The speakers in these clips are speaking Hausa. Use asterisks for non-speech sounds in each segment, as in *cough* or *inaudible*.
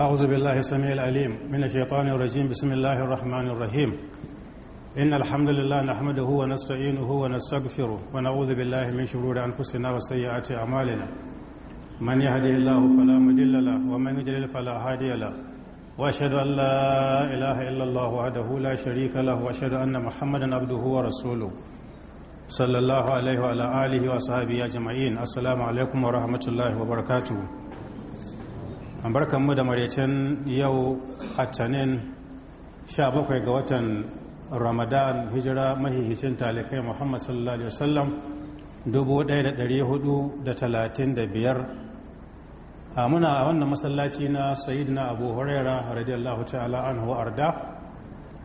أعوذ بالله السميع العليم من الشيطان الرجيم بسم الله الرحمن الرحيم إن الحمد لله نحمده ونستعينه ونستغفره ونعوذ بالله من شرور أنفسنا وسيئات أعمالنا من يهدي الله فلا مضل له ومن يضلل فلا هادي له وأشهد أن لا إله إلا الله وحده لا شريك له وأشهد أن محمدا عبده ورسوله صلى الله عليه وعلى آله وصحبه أجمعين السلام عليكم ورحمة الله وبركاته mu da maraicin yau a sha 17 ga watan ramadan hijira mahihicin talikai muhammad sallallahu alaihi wasallam 1435 a muna a wannan masallaci na sayidina abu huraira radiyallahu ta'ala anhu arda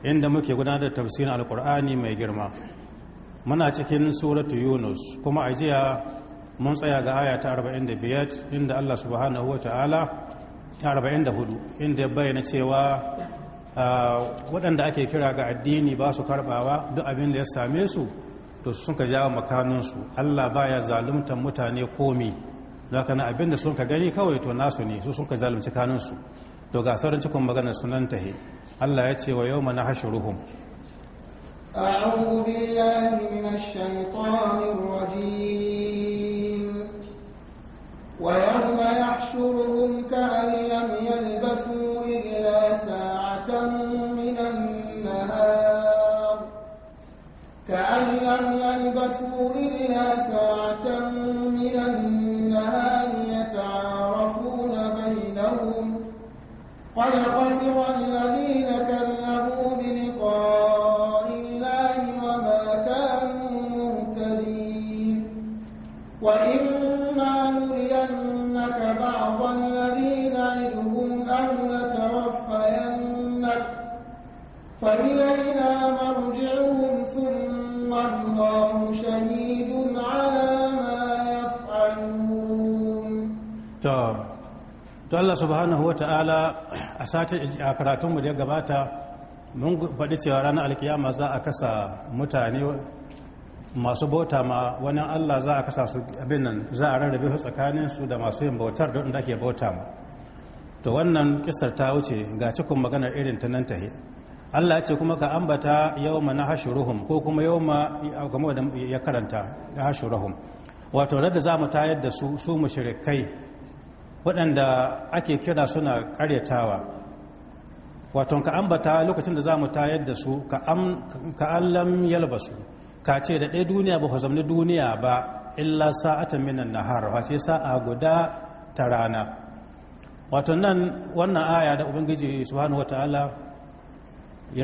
inda muke gudanar da tafsirin alkur'ani mai girma muna cikin suratu yunus kuma a jiya mun tsaya ga aya ta 45 inda allah subhanahu wa ta'ala 44 inda ya bayyana cewa ah, waɗanda ake kira ga addini ba su karɓawa duk abin da ya same su to sun ka jawo makaninsu allah baya zaluntar mutane komi za ka na abin da sun ka gani kawai to nasu ne su sun ka zalunci kanunsu to ga sauran cikin maganar sunan tahe allah ya ce wa yau mana ruhun أعوذ بالله من الشيطان الرجيم ويوم يحشرهم كأن لم يلبثوا إلا ساعة من النهار كأن لم يلبثوا إلا ساعة من النهار يتعارفون بينهم قد خسر الذين كفروا to Allah subhanahu ta'ala a sati a karatunmu da ya gabata mun faɗi cewa ranar alkiyama za a kasa mutane masu bauta ma wani Allah za a kasa su abin nan za a rarrabe su tsakanin su da masu yin bautar da wanda ake bauta ma to wannan kistar ta wuce ga cikin maganar irin ta nan ta tahe Allah ya ce kuma ka ambata ma na hashuruhum ko kuma yawma ya karanta hashuruhum wato rada za mu tayar da su su mushrikai waɗanda ake kira suna karyatawa waton ka ambata lokacin da za mu tayar da su ka allam su ka ce da ɗaya duniya ba ku zamni duniya ba illa sa'atan minan nahar wace sa'a guda ta rana wato nan wannan aya da ubangiji subhanahu wataala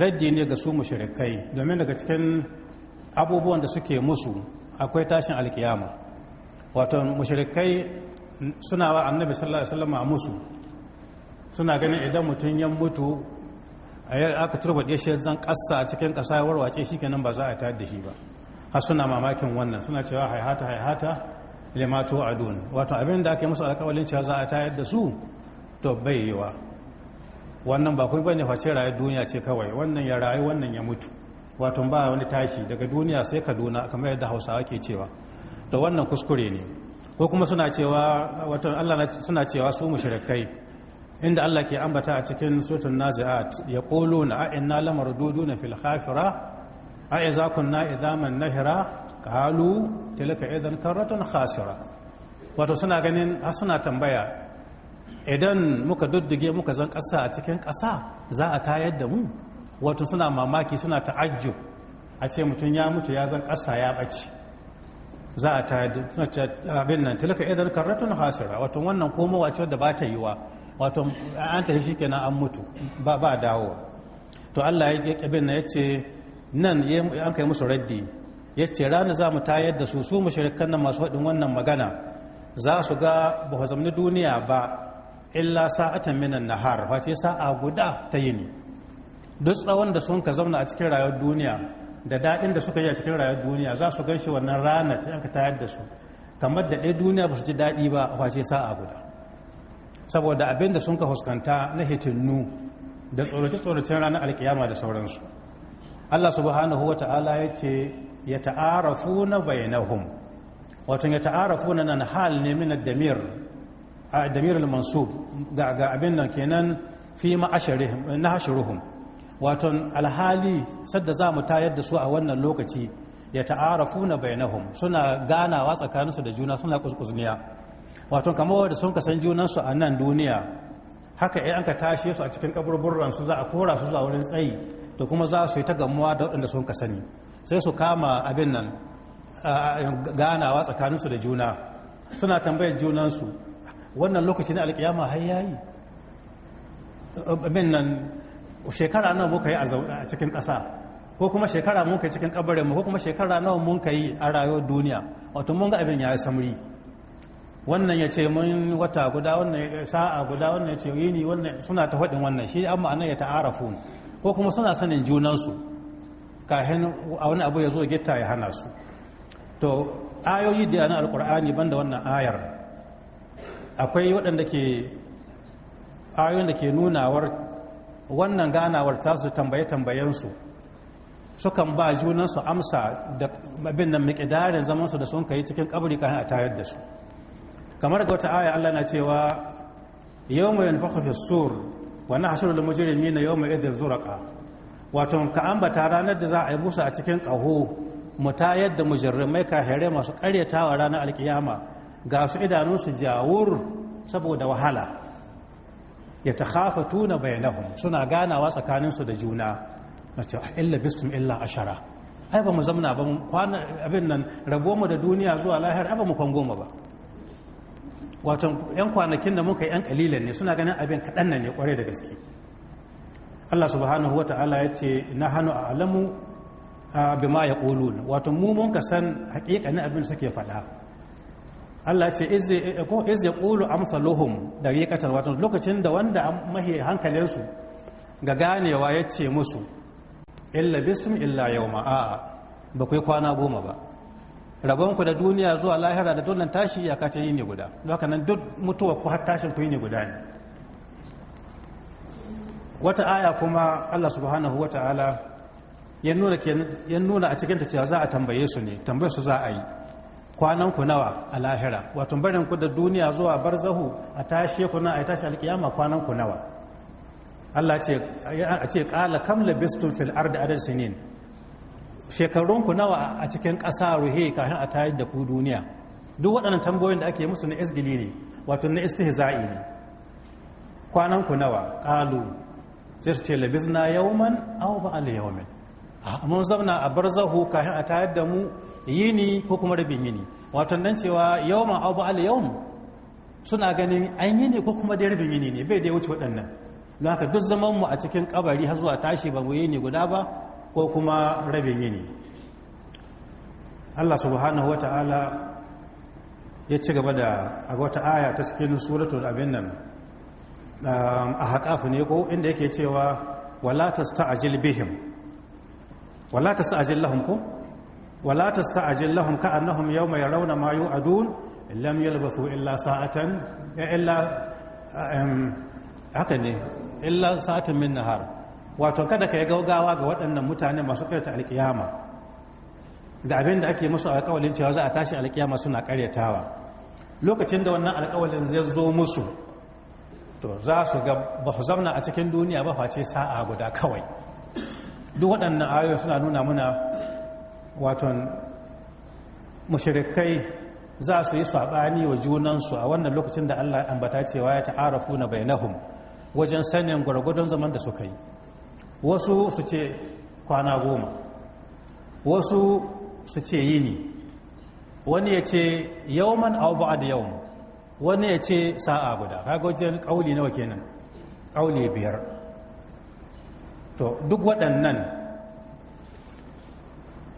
raddi ne ga su mushrikai domin daga cikin abubuwan da suke musu akwai tashin alkiyama waton mushrikai suna wa annabi sallallahu alaihi wasallam a musu suna ganin idan mutum ya mutu a yi aka turbaɗe shi zan ƙasa a cikin ƙasa ya warwace shi kenan ba za a tayar da shi ba har suna mamakin wannan suna cewa haihata haihata limato adun wato abin da aka yi musu alƙawalin cewa za a tayar da su to bai wannan ba kuma bane face rayuwar duniya ce kawai wannan ya rayu wannan ya mutu wato ba wani tashi daga duniya sai kaduna kamar yadda hausawa ke cewa to wannan kuskure ne ko kuma suna cewa wato Allah suna cewa su mushrikai inda Allah ke ambata a cikin suratul naziat ya qulu na inna lamarduduna fil khafira a idza kunna idaman nahira qalu tilka idan karratun khasira wato suna ganin suna tambaya idan muka duddige muka zan ƙasa a cikin ƙasa za a tayar da mu wato suna mamaki suna ta'ajjub a ce mutum ya mutu ya zan ƙasa ya ɓace za a ta abin nan tilaka idan karratun hasira wato wannan komowa ce wadda ba ta yi wa? wato an ta shi kenan an mutu ba ba dawo to Allah ya abin nan yace nan an kai musu raddi yace rana za mu tayar da su su mushrikan nan masu hadin wannan magana za su ga ba zamni duniya ba illa sa'atan minan nahar wace sa'a guda ta yini duk tsawon da sun ka zauna a cikin rayuwar duniya da daɗin da suka yi a cikin rayuwar duniya za su ganshi wannan rana ta yanka tayar da su kamar da ɗaya duniya ba su ji daɗi ba a face sa'a guda saboda abin da sun ka huskanta na hitinnu da tsorace-tsoracen ranar alkiyama da sauransu allah subhanahu wa ta'ala ya ce ya ta'arafu na bayanahum wato ya ta'arafu na nan hal ne min damir a damir al-mansub ga abin nan kenan fi ma'asharihim na hashiruhum waton alhali sadda za mu tayar da su a wannan lokaci ya ta'arafu na bainahum suna ganawa tsakaninsu da juna suna kuskusniya waton kamar wanda sun kasan junansu a nan duniya haka ya an ka tashe su a cikin kaburburran su za a kora su zuwa wurin tsayi to kuma za su yi ta gamuwa da waɗanda sun ka sani sai su kama abin nan ganawa tsakaninsu da juna suna tambayar junansu wannan lokaci ne alkiyama har yayi abin nan shekara nawa muka yi a cikin ƙasa ko kuma shekara muka yi cikin ƙabarin mu ko kuma shekara nawa muka yi a rayuwar duniya wato mun ga abin ya yi samri wannan ya ce mun wata guda wannan sa'a guda wannan ya ce yini wannan suna ta faɗin wannan shi amma anan ya ta'arafu ko kuma suna sanin junansu kafin a wani abu ya zo gitta ya hana su to ayoyi da na alkur'ani banda wannan ayar akwai waɗanda ke ayoyin da ke nunawar wannan ganawar ta su tambaye tambayensu sukan ba junansu amsa da abin nan zamansu da sun kai cikin kabari kan a tayar da su kamar ga wata aya Allah na cewa yau mai yanfaku fi sur wani hashirar mujirimi na yau mai idin zuraka wato ka ambata ranar da za a yi busa a cikin ƙaho mu tayar da mujirmai kahere masu karyatawa ranar alkiyama ga su idanunsu jawur saboda wahala ya ta hafa tuna bayanahun suna ganawa tsakaninsu da juna na ce ah, illa bistum illa ashara ai ba mu zamna ba kwana abin nan rabo mu da duniya zuwa lahiyar ai ba mu goma ba wato yan kwanakin da muka yan kalilan ne suna ganin abin kaɗan nan ne kwarai da gaske Allah subhanahu wa ta'ala ya ce na hannu a alamu bima ya ƙolun wato mu mun ka san hakikanin abin suke faɗa Allah ce izi ya ƙulu amsaluhum da riƙatar watan lokacin da wanda mahi hankalinsu ga ganewa ya ce musu illa bisum illa yau ma'a ba ku yi kwana goma ba rabonku da duniya zuwa lahira da dunan tashi ya ta yi ne guda lokacin duk mutuwa ku har tashin ku yi ne guda ne wata aya kuma Allah subhanahu wa ta'ala ya nuna a cikinta cewa za a tambaye su ne tambayar su za a yi kwanan nawa a lahira wato barin ku da duniya zuwa barzahu a tashe ku na a tashi alkiyama kwanan nawa Allah ce a ce qala kam labistum fil ardi adad sinin shekarun ku nawa a cikin ƙasa ruhi kafin a tayar da ku duniya duk waɗannan tambayoyin da ake musu na isgili ne wato na istihza'i ne kwanan ku nawa qalu sai su ce labizna yawman aw ba'al yawmin mun zauna a barzahu kafin a tayar da mu yini ko kuma rabin yini wato nan cewa ma abu al yau suna ganin an yi ne ko kuma dai rabin yini ne bai dai wuce waɗannan don haka duk zaman mu a cikin kabari har zuwa tashi ba mu ne guda ba ko kuma rabin yini Allah subhanahu wa ta'ala ya ci gaba da a wata aya ta cikin suratul abin nan um, a haƙafu ne ko inda yake cewa wala tasta'jil bihim wala tasta'jil lahum ko wala tasta'jil lahum ka'annahum yawma yarawna ma yu'adun lam yalbathu illa sa'atan illa haka ne illa satin min nahar wato kada ka yi gaugawa ga waɗannan mutane masu karta alkiyama da abin da ake musu alƙawalin cewa za a tashi alkiyama suna karyatawa lokacin da wannan alƙawalin zai zo musu to za su ga ba su zamna a cikin duniya ba face sa'a guda kawai duk waɗannan ayoyi suna nuna muna waton mashirikai za su yi saɓani wa junansu a wannan lokacin da Allah ambata cewa ya ta'arafu funa bainahum wajen sanin gwargwadon zaman da suka yi wasu su ce kwana goma wasu su ce yini wani ya ce yawman da yau yawm wani ya ce sa'a guda ragogin wajen nawa kenan kauli biyar to duk waɗannan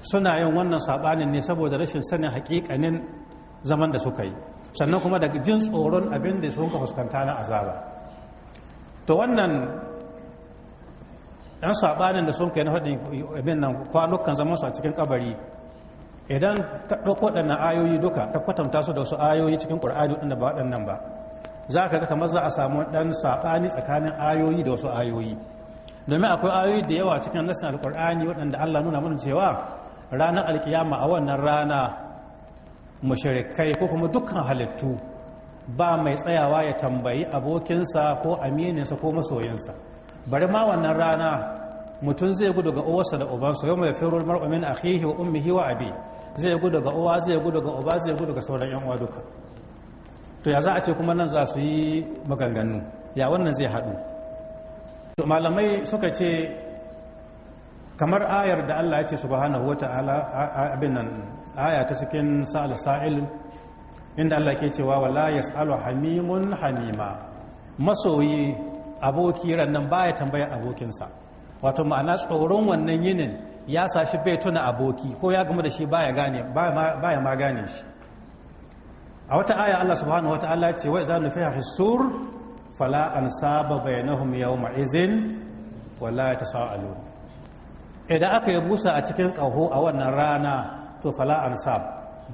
suna yin wannan sabanin ne saboda rashin sanin hakikanin zaman da suka yi sannan kuma da jin tsoron abin da suka fuskanta na azaba to wannan ɗan sabanin da sun yi na faɗin abin nan kwanukan zaman su a cikin kabari idan ka ɗauko waɗannan ayoyi duka ka kwatanta su da wasu ayoyi cikin ƙur'ani waɗanda ba waɗannan ba za ka ga kamar za a samu ɗan saɓani tsakanin ayoyi da wasu ayoyi domin akwai ayoyi da yawa cikin nasin alƙur'ani waɗanda allah nuna mana cewa ranar alkiyama a wannan rana mushirikai ko kuma dukkan halittu ba mai tsayawa ya tambayi abokinsa ko amininsa ko masoyinsa bari ma wannan rana mutum zai gudu ga uwarsa da ubansa yau mai firar mar'amin akhihi wa ummihi wa abi zai gudu ga uwa zai gudu ga uba zai gudu ga sauran yan uwa duka to ya za a ce kuma nan za su yi maganganu ya wannan zai haɗu to malamai suka ce kamar ayar da Allah ya ce subhanahu wa ta'ala abin nan aya ta cikin sa'al sa'il inda Allah ke cewa wala yas'alu hamimun hamima masoyi aboki rannan baya tambayar abokinsa wato ma'ana tsoron wannan yinin ya sa shi bai tuna aboki ko ya gama da shi baya gane ma gane shi a wata aya Allah subhanahu wa ta'ala ya ce wa idza nufiha hisur fala ansaba bainahum yawma izin wala yatasaalu idan aka yi busa a cikin ƙaho a wannan rana to fala ansab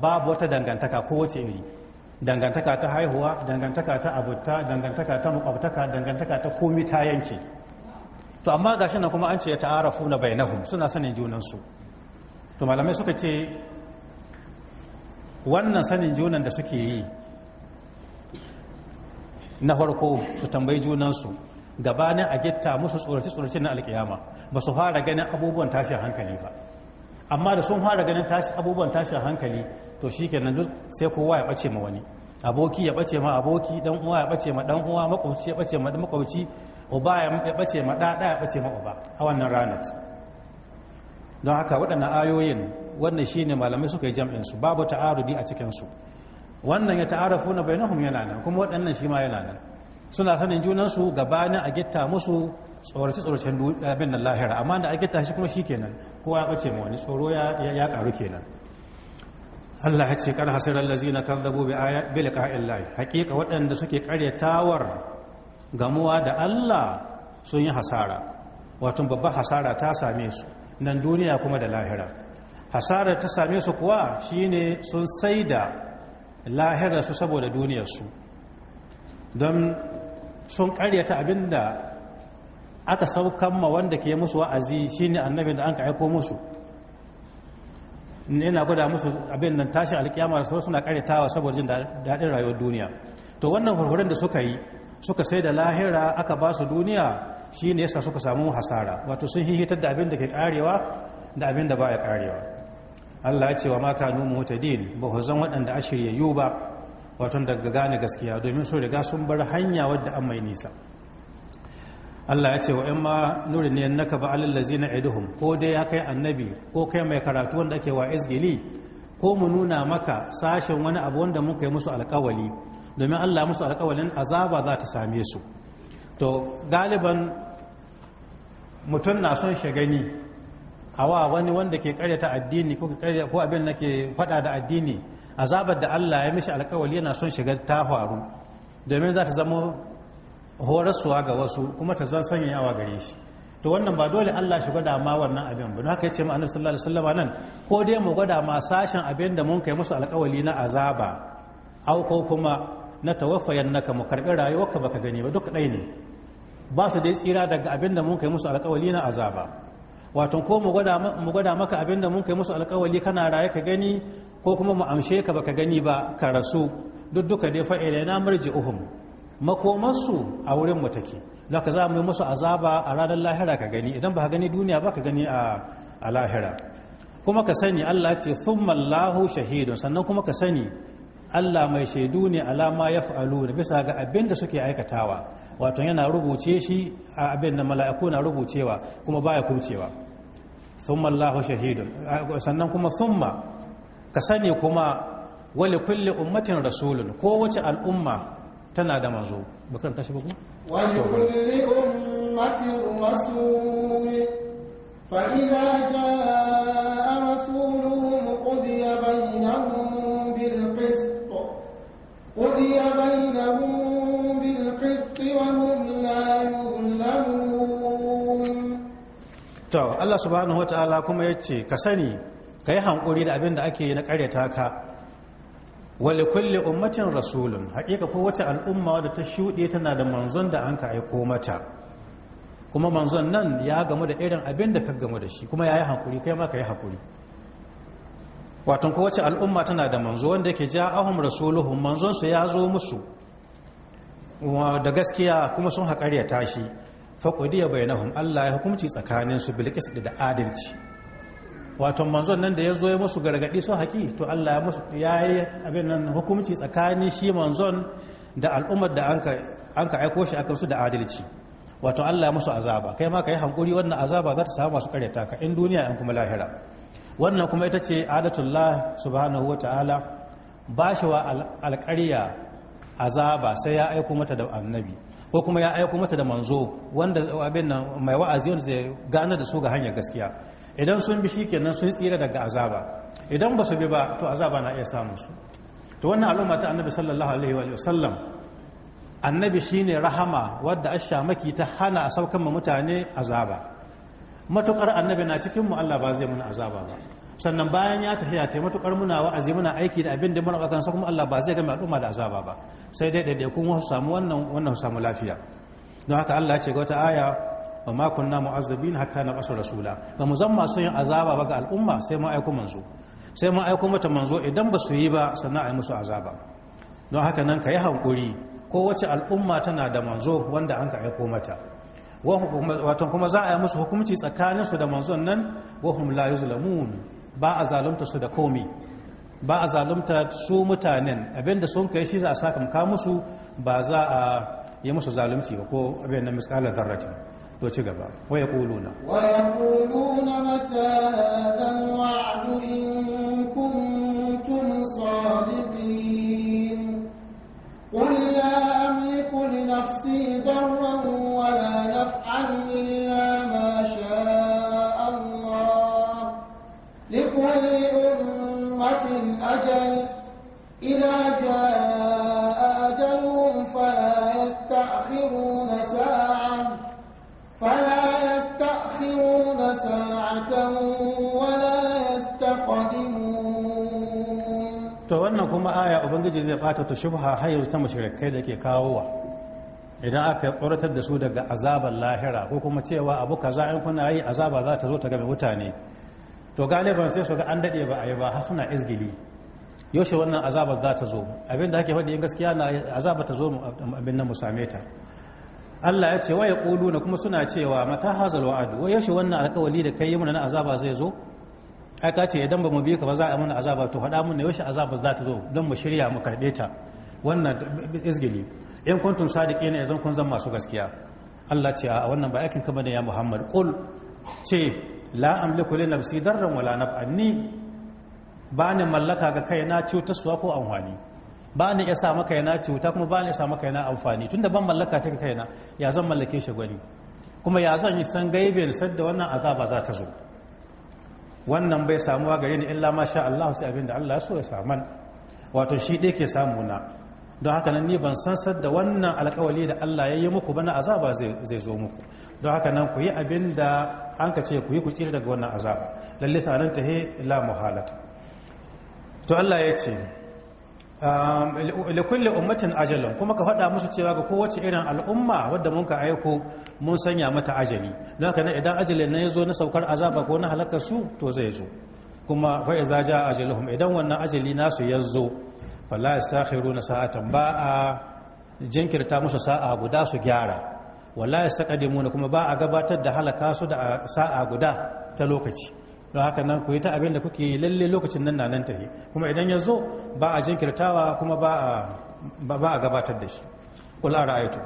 babu wata dangantaka ko wace iri dangantaka ta haihuwa dangantaka ta abuta dangantaka ta makwabtaka dangantaka ta komi ta yanke to amma gashi nan kuma an ce ya ta'arafu na bainahum suna sanin junansu to malamai suka ce wannan sanin junan da suke yi na farko su tambayi junansu gabanin a gitta musu tsorace tsoraci na alkiyama ba su fara ganin abubuwan tashin hankali ba amma da sun fara ganin abubuwan tashin hankali to shi kenan duk sai kowa ya ɓace ma wani aboki ya ɓace ma aboki dan uwa ya ɓace ma dan uwa makwabci ya ɓace ma makwabci uba ya ɓace ma ɗaɗa ya ɓace ma uba a wannan ranar don haka waɗannan ayoyin wannan shine malamai suka yi jam'in su babu ta'arudi a cikin su wannan ya ta'arafu na bainahum yana nan kuma waɗannan shi ma yana nan suna sanin junansu gabanin a gitta musu tsorace-tsoracen eh, abin nan lahira amma da ake tashi kuma shi kenan kowa ya ɓace ma wani tsoro ya ƙaru kenan Allah ya ce kar hasirar lazina kan zabo bi liqa'il lahi haƙiƙa waɗanda suke ƙaryatawar gamuwa da Allah sun yi hasara wato babbar hasara ta same su nan duniya kuma da lahira hasarar ta same su kuwa shine sun saida lahirar su saboda duniyar su don sun karyata abinda aka saukan ma wanda ke musu wa'azi shine annabin da an ka aiko musu yana gwada musu abin nan tashi alkiyama da sauransu na karyatawa saboda jin daɗin rayuwar duniya to wannan farfarin da suka yi suka sai da lahira aka ba su duniya shi ne yasa suka samu hasara wato sun hihitar da abin da ke karewa da abin da baya karewa Allah ya ce wa ma kanu mutadin ba zan waɗanda a shiryayyu ba wato daga gane gaskiya domin sun riga sun bar hanya wadda an mai nisa Allah ya ce wa ma nuri ne naka ba alal na iduhum ko dai ya kai annabi ko kai mai karatu wanda ake wa izgili ko mu nuna maka sashen wani abu wanda muka yi musu alkawali domin Allah musu alkawalin azaba za ta same su to galiban mutum na son shagani a wa wani wanda ke karyata addini ko abin da ke fada da addini azabar da Allah ya mishi alkawali yana son shiga ta faru domin za ta zama horaswa ga wasu kuma ta zan sanya yawa gare shi to wannan ba dole Allah shi gwada ma wannan abin ba haka yace ce annabi sallallahu alaihi wasallam nan ko dai mu gwada ma sashen abin da mun kai musu alƙawali na azaba au kuma na tawaffayan naka mu karbi rayuwarka baka gani ba duk ɗai ne ba su dai tsira daga abin da mun kai musu alƙawali na azaba wato ko mu gwada maka abin da mun kai musu alƙawali kana raye ka gani ko kuma mu amshe ka baka gani ba ka rasu duk duka dai fa'ila na marji uhun. makomarsu a wurin mu take ka za mu yi musu azaba a ranar lahira ka gani idan ba ka gani duniya ba ka gani a lahira kuma ka sani Allah ce thumma Allahu shahidun sannan kuma ka sani Allah mai shaidu ne alama ya fa'alu da bisa ga abin da suke aikatawa wato yana rubuce shi a abin da mala'iku na rubucewa kuma baya kucewa thumma Allahu shahidun sannan kuma thumma ka sani kuma wali kulle ummatin rasulun ko kowace al'umma tana da mazo bakar tashi ba ku wani kulli ummatin rasul fa idza jaa rasuluhum qudiya bainahum bil qist qudiya bainahum bil qist wa hum la yuzlamun to Allah subhanahu Ta'ala kuma yace ka sani kai hankuri da abin da ake yi na karyata ka wali kulli ummatin rasulun haƙiƙa kowace al'umma da ta shuɗe tana da manzon da an ka aiko mata kuma manzon nan ya gamu da irin abin da ka gamu da shi kuma ya yi haƙuri kai ma ka yi haƙuri watan kowace al'umma tana da manzo wanda yake ja ahun rasuluhum manzon su ya zo musu da gaskiya kuma sun haƙar ya tashi faƙudiya bainahum Allah ya hukunci tsakanin su da adalci wato manzon nan da ya zo ya musu gargadi so haƙi to Allah ya musu ya yi abin nan hukunci tsakanin shi manzon da al'ummar da an ka aiko shi akan su da adalci wato Allah ya musu azaba kai ma ka yi hankuri wannan azaba za ta samu masu karyata ka in duniya in kuma lahira wannan kuma ita ce adatullah subhanahu wa ta'ala ba shi wa alƙarya azaba sai ya aiko mata da annabi ko kuma ya aiko mata da manzo wanda abin nan mai wa'azi wanda zai gane da su ga hanyar gaskiya idan sun bi shi kenan sun tsira daga azaba idan ba su bi ba to azaba na iya samun su to wannan al'umma ta annabi sallallahu alaihi wa sallam annabi shine rahama wadda maki ta hana a saukan mu mutane azaba matukar annabi na cikin mu Allah ba zai muna azaba ba sannan bayan ya tafiya ta matukar muna wa'azi muna aiki da abin da muna bakan sa kuma Allah ba zai gama al'umma da azaba ba sai dai dai wasu samu wannan wannan samu lafiya don haka Allah ya ce ga wata aya wa ma kunna mu'azzabin hatta na basu rasula ba mu zan masu yin azaba ba ga al'umma sai mun aiko manzo sai mun aiko mata manzo idan ba su yi ba sannan a yi musu azaba don haka nan ka yi hankuri kowace al'umma tana da manzo wanda an ka aiko mata wato kuma za a yi musu hukunci tsakanin su da manzon nan hum la yuzlamun ba a zalunta su da komi ba a zalunta su mutanen abinda sun kai shi za a saka muka musu ba za a yi musu zalunci ba ko abin nan misalar darrati وشي ويقولون ويقولون متى هذا الوعد ان كنتم صادقين قل لا املك لنفسي ضرا ولا نفعا الا ما شاء الله لكل امه اجل اذا جاء to wannan kuma aya ubangiji zai fata ta shubha hayar ta mushrikai da ke kawowa idan aka tsoratar da su daga azaban lahira ko kuma cewa abu kaza in kuna yi azaba za ta zo ta game mutane to galiban sai su ga an daɗe ba a yi ba har suna izgili yaushe wannan azabar za ta zo abinda ake faɗi in gaskiya na azaba ta zo abin nan mu same ta Allah ya ce wa ya na kuma suna cewa mata hazal wa'd wa yashi wannan alkawali da kai mana na azaba zai zo ai ce idan ba mu bi ka ba za a mana azaba to faɗa mun ne yashi azaba za ta zo don mu shirya mu karɓe ta wannan izgili in kuntum sadiqina yanzu kun zama masu gaskiya Allah ce a wannan ba aikin kamar da ya Muhammad qul ce la amliku li nafsi darran wala na ni ba ni mallaka ga kaina suwa ko amfani ba ni ya maka yana cuta kuma ba ni ya sa maka yana amfani da ban mallaka ta na ya zan mallake shi gwani kuma ya zan yi san gaibin sadda wannan azaba za ta zo wannan bai samuwa gare ni illa ma sha Allah sai abin da Allah ya so ya saman wato shi dai ke samu na don haka nan ni ban san sadda wannan alkawali da Allah ya yi muku bana azaba zai zo muku don haka nan ku yi abin an ka ce ku yi ku tsira daga wannan azaba lalle sanan ta he la muhalata to Allah ya ce Um, likulli ummatin ajalin kuma ka faɗa musu cewa ga kowace irin al'umma wadda mun ka aiko mun sanya mata ajali don haka idan ajalin na ya zo na saukar azaba ko na halakar su to zai zo kuma fa iza ja ajaluhum idan wannan ajali nasu ya zo fala yastakhiruna sa'atan ba a jinkirta musu sa'a guda su gyara wala yastaqdimuna kuma ba a gabatar da halaka su da sa'a guda ta lokaci don haka nan ku yi ta abin da kuke lalle lokacin nan na nan tafi kuma idan ya zo ba a jinkirtawa kuma ba a gabatar da shi qul ara'aytum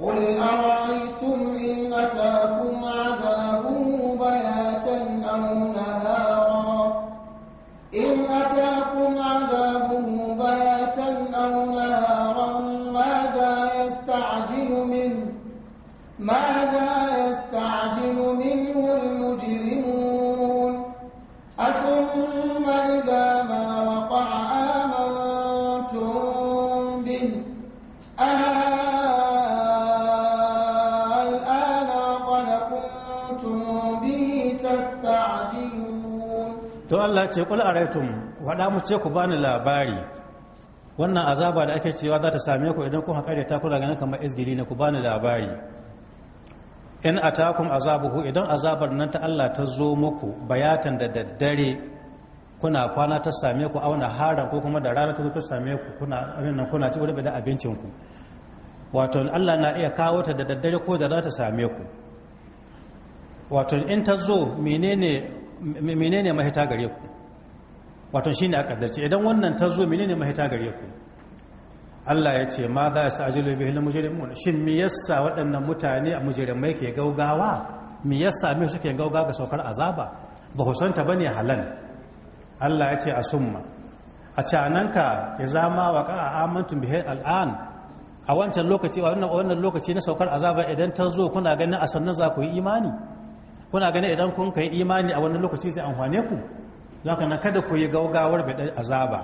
qul ara'aytum in atakum Allah ce kul wada mu ce ku bani labari wannan azaba da ake cewa za ta same ku idan kun haƙare ta kula ganin kamar izgiri ne ku bani labari in atakum ku idan azabar nan ta Allah ta zo muku bayatan da daddare kuna kwana ta same ku auna haran ko kuma da rana ta zo ta same ku kuna abin nan kuna ci da abincin ku wato Allah na iya kawo ta da daddare ko da za ta same ku wato in ta zo menene menene mahita gare ku wato shine aka darce idan wannan ta zo menene mahita gare ku Allah ya ce ma za a sta'ajilu na al mu? shin mi yasa waɗannan mutane a mai ke gaugawa mi yasa mai suke gauga ga saukar azaba ba husanta ba ne halan Allah ya ce a summa a cananka ya zama wa a amintun bihe al'an a wancan lokaci wannan lokaci na saukar azaba idan ta zo kuna ganin a sannan za ku yi imani kuna gani idan kun kai imani a wani lokaci sai amfane ku zaka na kada ku yi gaugawar bidai azaba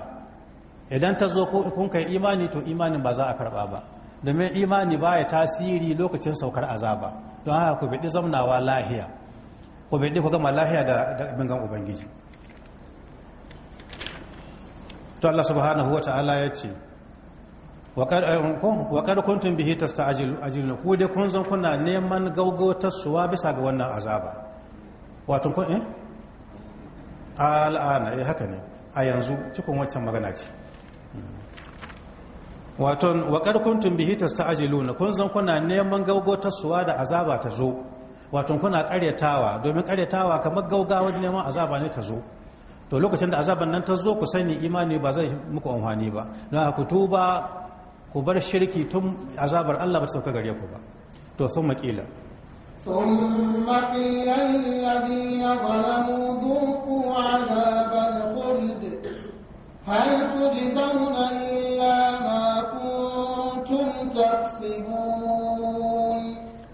idan ta zo kun kai imani to imanin ba za a karba ba domin imani baya tasiri lokacin saukar azaba don haka ku bidi zamnawa lahiya ku bidi ku gama lahiya da bangan ubangiji to Allah subhanahu wata'ala ya ce waƙar kuntun bihi ta sta ajiyar ku dai kun zan kuna neman suwa bisa ga wannan azaba wato kun eh al'ana ya haka ne a yanzu cikin wancan magana ce wato waƙar kuntun bihi ta sta ajiyar kun zan kuna neman suwa da azaba ta zo wato kuna karyatawa domin karyatawa kamar wani neman azaba ne ta zo to lokacin da azaban nan ta zo ku sani imani ba zai muku amfani ba na ku tuba ku bar shirki tun azabar Allah ba ta sauka gare ku ba to sun maƙila ثم قيل للذين ظلموا ذوقوا عذاب الخلد هل تجزون إلا ما كنتم تكسبون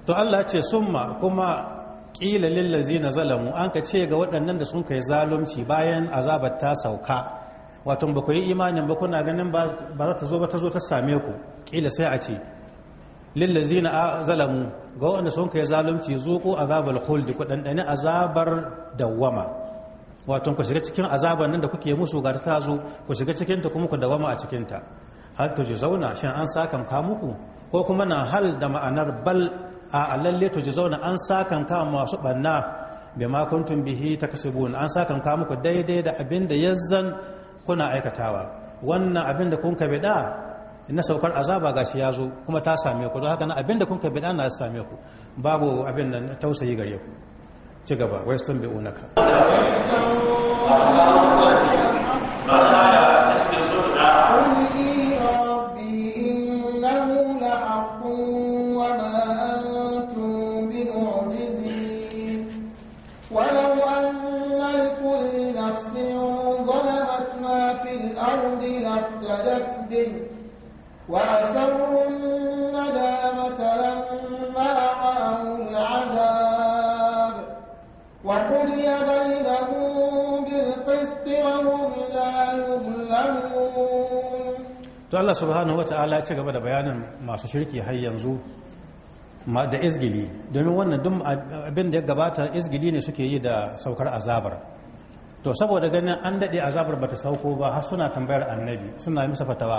to Allah ce summa kuma ƙila lillazi na zalamu an ka ce ga waɗannan da sun kai zalunci bayan azabar ta sauka wato ba ku yi imanin ba kuna ganin ba za ta zo ba ta zo ta same ku ƙila sai a ce lillazi na zalamu ga wanda sun kai zalunci zuƙo azabar holdi ku ɗanɗani azabar dawama. wato ku shiga cikin azabar nan da kuke musu ga ta zo ku shiga cikinta kuma ku dawama a cikinta har to ji zauna shin an sakan ka muku ko kuma na hal da ma'anar bal a lalle to ji zauna an sakan ka masu ɓanna bai makuntun bihi ta kasibun an sakan ka muku daidai da abin da yazzan kuna aikatawa wannan abin da kun ka bida na saukar azaba gashi ya zo kuma ta same ku don haka na abin da kun ka bida na same ku babu abin nan tausayi gare ku ci gaba western bai unaka وأسروا الندامة لما رأوا العذاب وقضي بينهم بالقسط وهم لا يظلمون to Allah subhanahu ta'ala ya ci gaba da bayanin masu shirki har yanzu da izgili domin wannan duk abin da ya gabata izgili ne suke yi da saukar azabar to saboda ganin an daɗe azabar bata sauko ba har suna tambayar annabi suna misa fatawa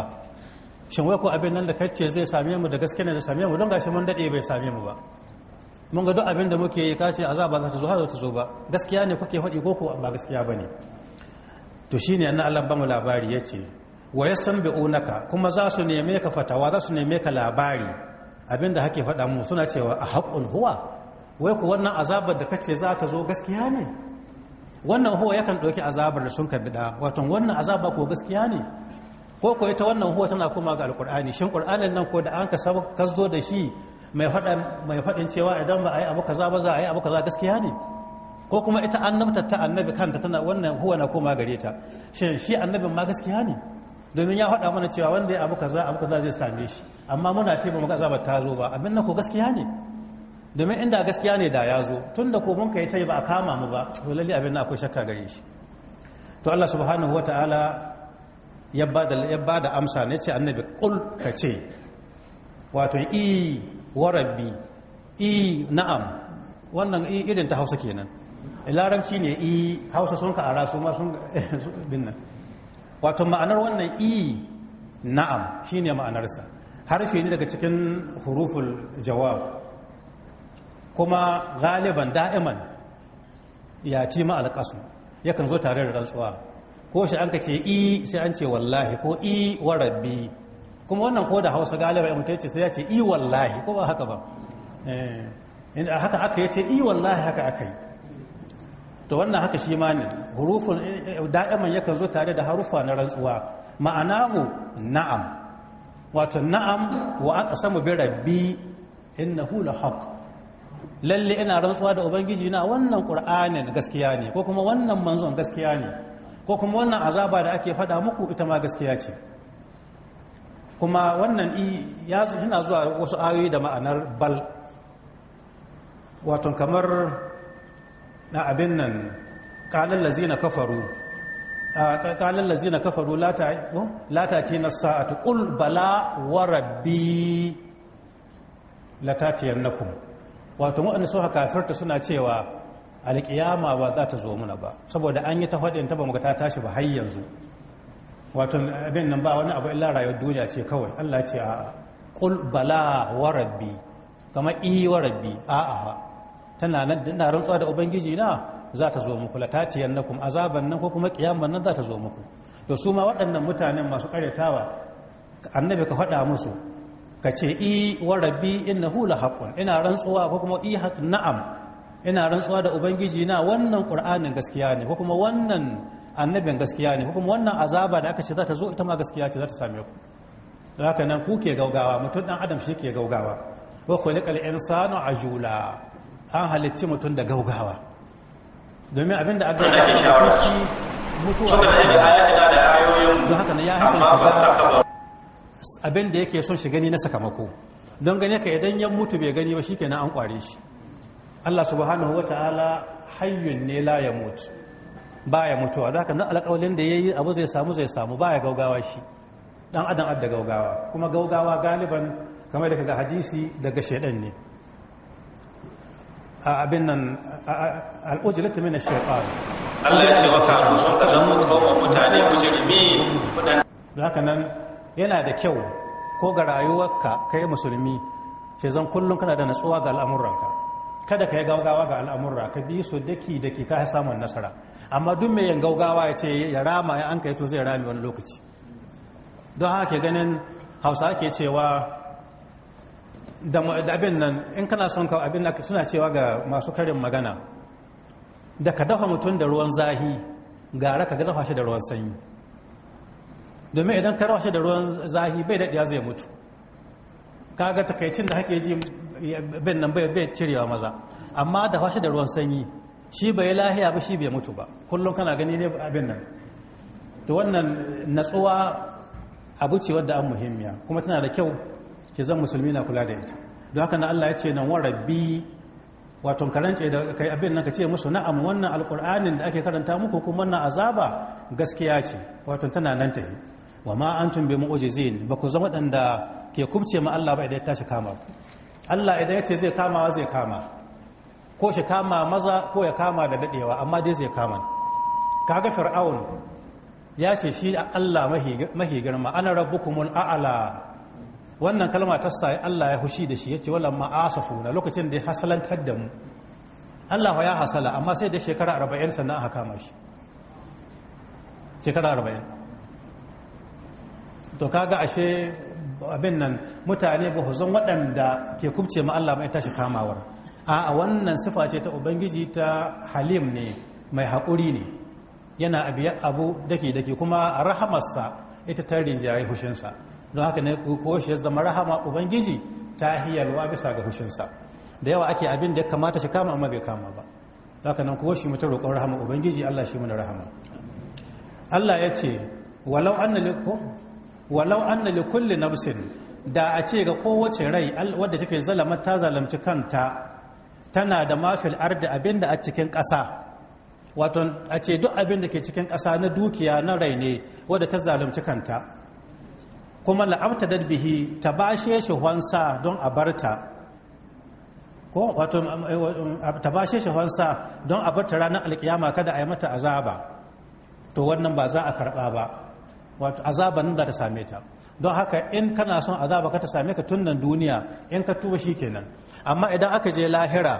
shin wai ko abin nan da kace zai same mu da gaske ne da same mu don gashi mun dade bai same mu ba mun ga duk abin da muke yi kace azaba za ta zo har ta zo ba gaskiya ne kuke faɗi ko ko ba gaskiya bane to shine annan Allah ba mu labari yace wa yastanbi'unaka kuma za su neme ka fatawa za su neme ka labari abin da hake faɗa mu suna cewa a haƙun huwa wai ko wannan azabar da kace za ta zo gaskiya ne wannan huwa yakan ɗauki azabar da sun ka biɗa, wato wannan azaba ko gaskiya ne ko ko ita wannan huwa tana koma ga alkur'ani shin qur'anin nan ko da an ka ka zo da shi mai faɗin cewa idan ba a yi abu kaza ba za a yi abu kaza gaskiya ne ko kuma ita annabta ta annabi kanta tana wannan huwa na koma gare ta shin shi annabin ma gaskiya ne domin ya faɗa mana cewa wanda ya abu kaza abu kaza zai same shi amma muna ce ba mu kaza ba ta zo ba abin nan ko gaskiya ne domin inda gaskiya ne da ya zo tun da ko mun kai ta ba a kama mu ba to lalle abin nan akwai shakka gare shi to Allah subhanahu ta'ala. ya ba da amsa ne ce annabi kul ka ce wato i warabbi i na'am wannan i irin ta hausa kenan larabci ne i hausa sun ka ara su masu sun *laughs* bin nan wato ma'anar wannan i na'am shine ma'anarsa harfi ne daga cikin huruful jawab kuma galiban da'iman ya ci ma alƙasu yakan zo tare da rantsuwa ko shi an ka ce i sai an ce wallahi ko i wa rabbi kuma wannan ko da hausa galiba mutum ya ce sai ya ce i wallahi ko ba haka ba eh, inda haka aka ya ce i wallahi haka aka yi to wannan haka shi ma ne hurufin eh, eh, da'aman yakan zo tare da harufa na rantsuwa ma'anahu na'am wato na'am wa aka samu bi rabbi innahu la haq lalle ina rantsuwa da ubangiji na wannan qur'anin gaskiya ne ko kuma wannan manzon gaskiya ne ko kuma wannan azaba da ake faɗa muku ita ma gaskiya ce kuma wannan ya yana zuwa wasu ayoyi da ma'anar bal wato kamar na abin nan ƙalin lazina kafaru ƙalin lazina kafaru lata na sa'atu ƙul bala wa rabbi latatiyar nakum wato waɗanda suka kafirta suna cewa alƙiyama ba za ta zo muna ba saboda an yi ta faɗin ta ba ta tashi ba har yanzu wato abin nan ba wani abu illa rayuwar duniya ce kawai Allah ce a kul bala wa rabbi kama i wa rabbi a a tana nan rantsuwa da ubangiji na za ta zo muku la tatiyan nakum azaban nan ko kuma ƙiyaman nan za ta zo muku to su ma waɗannan mutanen masu karyatawa annabi ka faɗa musu ka ce i wa rabbi innahu la haqqun ina rantsuwa ko kuma i na'am ina rantsuwa da ubangiji na wannan qur'anin gaskiya ne ko kuma wannan annabin gaskiya ne ko kuma wannan azaba da aka ce za ta zo ita ma gaskiya ce za ta same ku don haka nan ku ke gaugawa mutum dan adam shi ke gaugawa wa khuliqal insanu ajula an halicci mutum da gaugawa domin abinda aka ga shi mutuwa da ayoyin don haka nan ya hasan abin Abinda yake son shi gani na sakamako don gani ka idan ya mutu bai gani ba shikenan an kware shi Allah subhanahu ta'ala hayyun ne la ya mutu ba ya mutuwa don haka nan alƙawalin da ya yi abu zai samu zai samu ba ya gaugawa shi dan adam adda gaugawa kuma gaugawa galiban kamar daga hadisi daga shaidan ne a abin nan al'ujilata mina shaitan Allah ya ce wa faru sun ka zama wa mutane da haka nan yana da kyau ko ga rayuwarka kai musulmi ke zan kullum kana da natsuwa ga al'amuranka kada ka yi gaugawa ga al'amurra ka bi su daki daki ka samun nasara amma duk mai yin gaugawa ya ce ya rama ya an kai to zai rami wani lokaci don haka ke ganin hausa ke cewa da abin nan in kana son ka abin suna cewa ga masu karin magana da ka dafa mutum da ruwan zahi gara ka dafa shi da ruwan sanyi domin idan ka dafa shi da ruwan zahi bai daɗiya zai mutu kaga takaicin da hake ji bin nan bai cirewa maza amma da fashi da ruwan sanyi shi bai lahiya ba shi bai mutu ba kullum kana gani ne abin nan to wannan eh, natsuwa abu ce wadda an muhimmiya kuma tana da kyau ki zan musulmi na kula da ita don haka na Allah ya ce nan warabbi wato karance da kai abin nan ka ce musu na'am wannan alqur'anin da ake karanta muku kuma wannan azaba gaskiya ce wato tana nan ta yi wa ma antum bi mu'jizin ba ku zama danda ke kubce ma Allah ba idan ya tashi kama ku Allah idan ya ce zai wa zai kama ko shi kama maza ko ya kama da daɗewa amma dai zai kama kaga fir'aun ya ce shi Allah mahi girma ana rabu rabbukumul a'ala wannan kalma ta sayi Allah ya hushi da shi ya ce wala ma'asafu na lokacin da ya hasalantar da mu Allah ya hasala amma sai da shekara arba'in sannan aka kama shi shekara arba'in to kaga ashe abin nan mutane ba huzon waɗanda ke kubce ma Allah mai tashi kamawar a wannan sifa ce ta ubangiji ta halim ne mai haƙuri ne yana abu abu dake dake kuma a rahamarsa ita ta rinjaye hushinsa don haka ne ko zama rahama ubangiji ta hiyarwa bisa ga hushinsa da yawa ake abin da ya kamata shi kama amma bai kama ba haka nan ko shi mutum roƙon rahama ubangiji Allah shi mana rahama Allah ya ce walau anna walau anna li na nafsin da a ce ga kowace rai wadda take zalama ta zalunci kanta tana da mafil arda abinda a cikin ƙasa wato a ce duk abin da ke cikin ƙasa na dukiya na rai ne wadda ta zalunci kanta kuma la'abta da bihi ta bashe shi wansa don a barta ko wato um, um, um, ta bashe shi wansa don a barta ranar alkiyama kada a yi mata azaba to wannan ba za a karɓa ba wato azaba nan za ta same ta don haka in kana son azaba ka ta same ka tun nan duniya in ka tuba shi kenan amma idan aka je lahira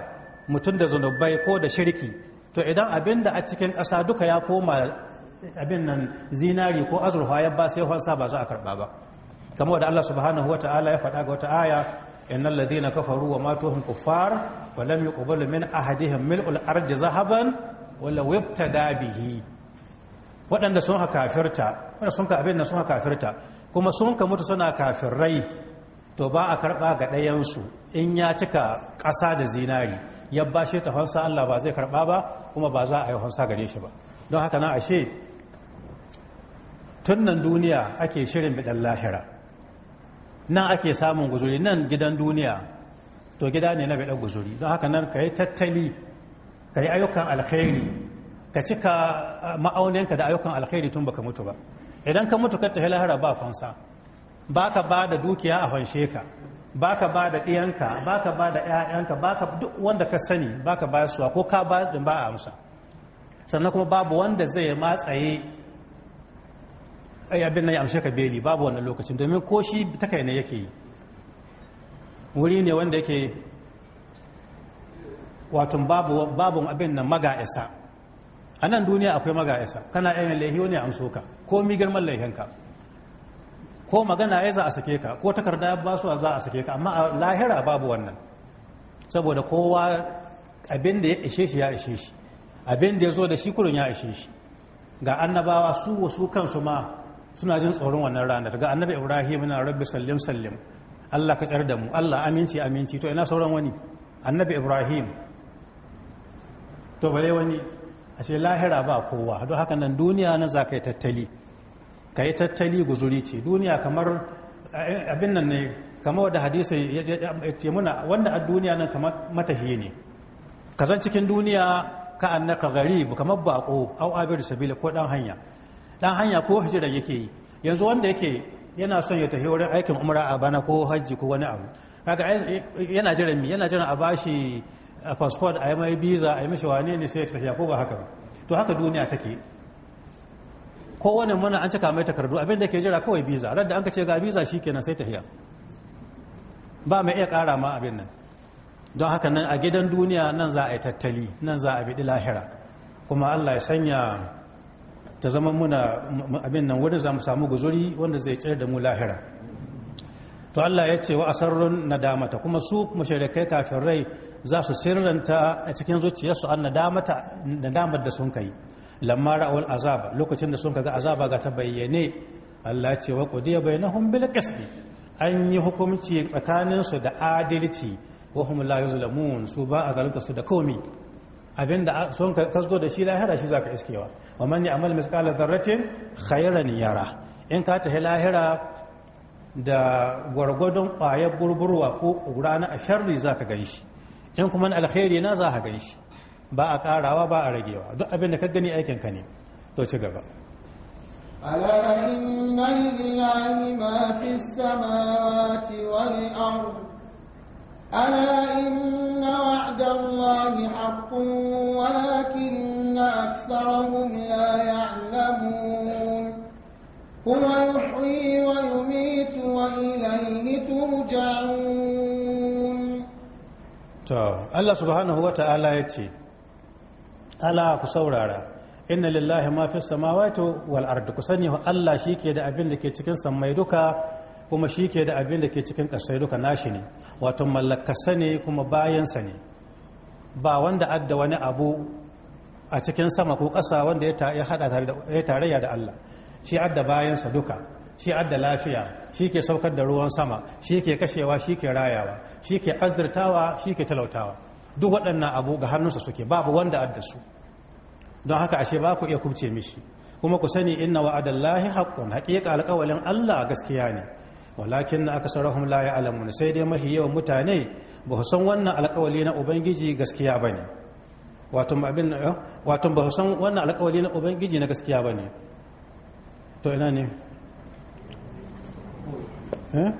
mutum da zunubai ko da shirki to idan abin da a cikin ƙasa duka ya koma abin nan zinari ko azurfa ya ba sai hansa ba za a karɓa ba kamar da Allah subhanahu wata'ala ya faɗa ga wata aya innal ladhina kafaru wa matu hum kuffar wa lam yuqbal min ahadihim mil'ul ardi zahaban wala wabtada bihi waɗanda sun kafirta waɗanda sun abin da sun kafirta kuma sun ka mutu suna kafirai to ba a karɓa ga ɗayansu in ya cika ƙasa da zinari ya shi ta hansa Allah ba zai karɓa ba kuma ba za a yi hansa gare shi ba don haka na ashe tun nan duniya ake shirin biɗan lahira nan ake samun guzuri nan gidan duniya to gida ne na biɗan guzuri don haka nan ka yi tattali ka yi ayyukan alkhairi ka cika uh, ma'auninka da ayyukan alkhairi tun baka mutu ba idan ka mutu ka tafi lahara ba fansa baka ba da dukiya a fanshe ka baka ba da ɗiyanka baka ba da ƴaƴanka baka duk wanda ka sani baka ba su ko ka ba su ba a amsa sannan kuma babu wanda zai matsaye abin nan ya amshe ka beli babu wannan lokacin domin ko shi ta kai ne yake yi wuri ne wanda yake wato babu abin nan maga isa a nan duniya akwai magayasa kana yayin laihi wani an soka ko mi girman laihinka ko magana ya za a sake ka ko takarda ba su za a sake ka amma a lahira babu wannan saboda kowa abin da ya ishe shi ya ishe shi abin ya zo da shi kurun ya ishe shi ga annabawa su wasu kansu ma suna jin tsoron wannan ranar ga annabi ibrahim na rabbi sallim sallim allah ka tsar da mu allah aminci aminci to ina sauran wani annabi ibrahim to bare wani A ce lahira ba kowa don haka nan duniya na za ka yi tattali ka yi tattali guzuri ce duniya kamar abin nan ne kamar wadda hadisa ya ce muna wanda a duniya nan kamar matahi ne ka cikin duniya ka annaka gharib kamar bako au abir sabila ko dan hanya dan hanya ko hijira yake yi yanzu wanda yake yana son ya tafi wurin aikin umra a bana ko hajji ko wani abu yana jiran yana jiran a bashi a passport a yi mai biza a yi mashi wane ne sai ya tafiya ko ba haka ba to haka duniya take kowane mana an cika mai takardu abinda ke jira kawai biza radda an ka ce ga biza shi kenan sai tafiya ba mai iya kara ma abin nan don haka nan a gidan duniya nan za a yi tattali nan za a bi lahira kuma allah ya sanya ta zama muna abin nan wurin za mu samu guzuri wanda zai tsayar da mu lahira to allah ya ce wa asarrun nadamata kuma su mashirikai kafin rai za su sirranta a cikin zuciyarsu an nadamar da sun kai lamma ra'awar azaba lokacin da sun kaga azaba ga ta bayyane Allah ce wa qudiya bainahum bil qisti an yi hukunci tsakanin su da adalci wa hum la yuzlamun su ba a zalunta su da komi abinda sun kasgo da shi lahira shi zaka iskewa wa man ya'mal misqala dharratin khayran yara in ka ta lahira da gwargwadon kwayar burburwa ko ƙura na sharri zaka gan shi in kuma alkhairi na za a ganshi ba a karawa ba a ragewa duk abin da ka gani aikin ka ne to ci gaba ألا إن وعد الله حق ولكن أكثرهم لا يعلمون هو يحيي ويميت وإليه ترجعون to Allah subhanahu wa ta'ala ya ce ala ku saurara inna lillahi ma fi samawati wal ardi ku sani Allah shike da abin da ke cikin sammai duka kuma shike da abin da ke cikin kasai duka nashi ne wato mallakarsa ne kuma bayansa ne ba wanda adda wani abu a cikin sama ko ƙasa wanda ya tare da Allah shi adda bayansa duka shi adda lafiya shi ke saukar da ruwan sama shi ke kashewa shi ke rayawa shi ke azdirtawa shi ke talautawa duk waɗannan abu ga hannunsa suke babu wanda adda su don haka ashe ba ku iya kubce mishi kuma ku sani inna Adallahi haqqun haqiqa alƙawalin Allah gaskiya ne walakin na akasarahum la ya'lamun sai dai mahi yawan mutane ba su san wannan alƙawali na ubangiji gaskiya bane wato abin eh, wato ba su san wannan alƙawali na ubangiji na gaskiya bane to ina ne eh,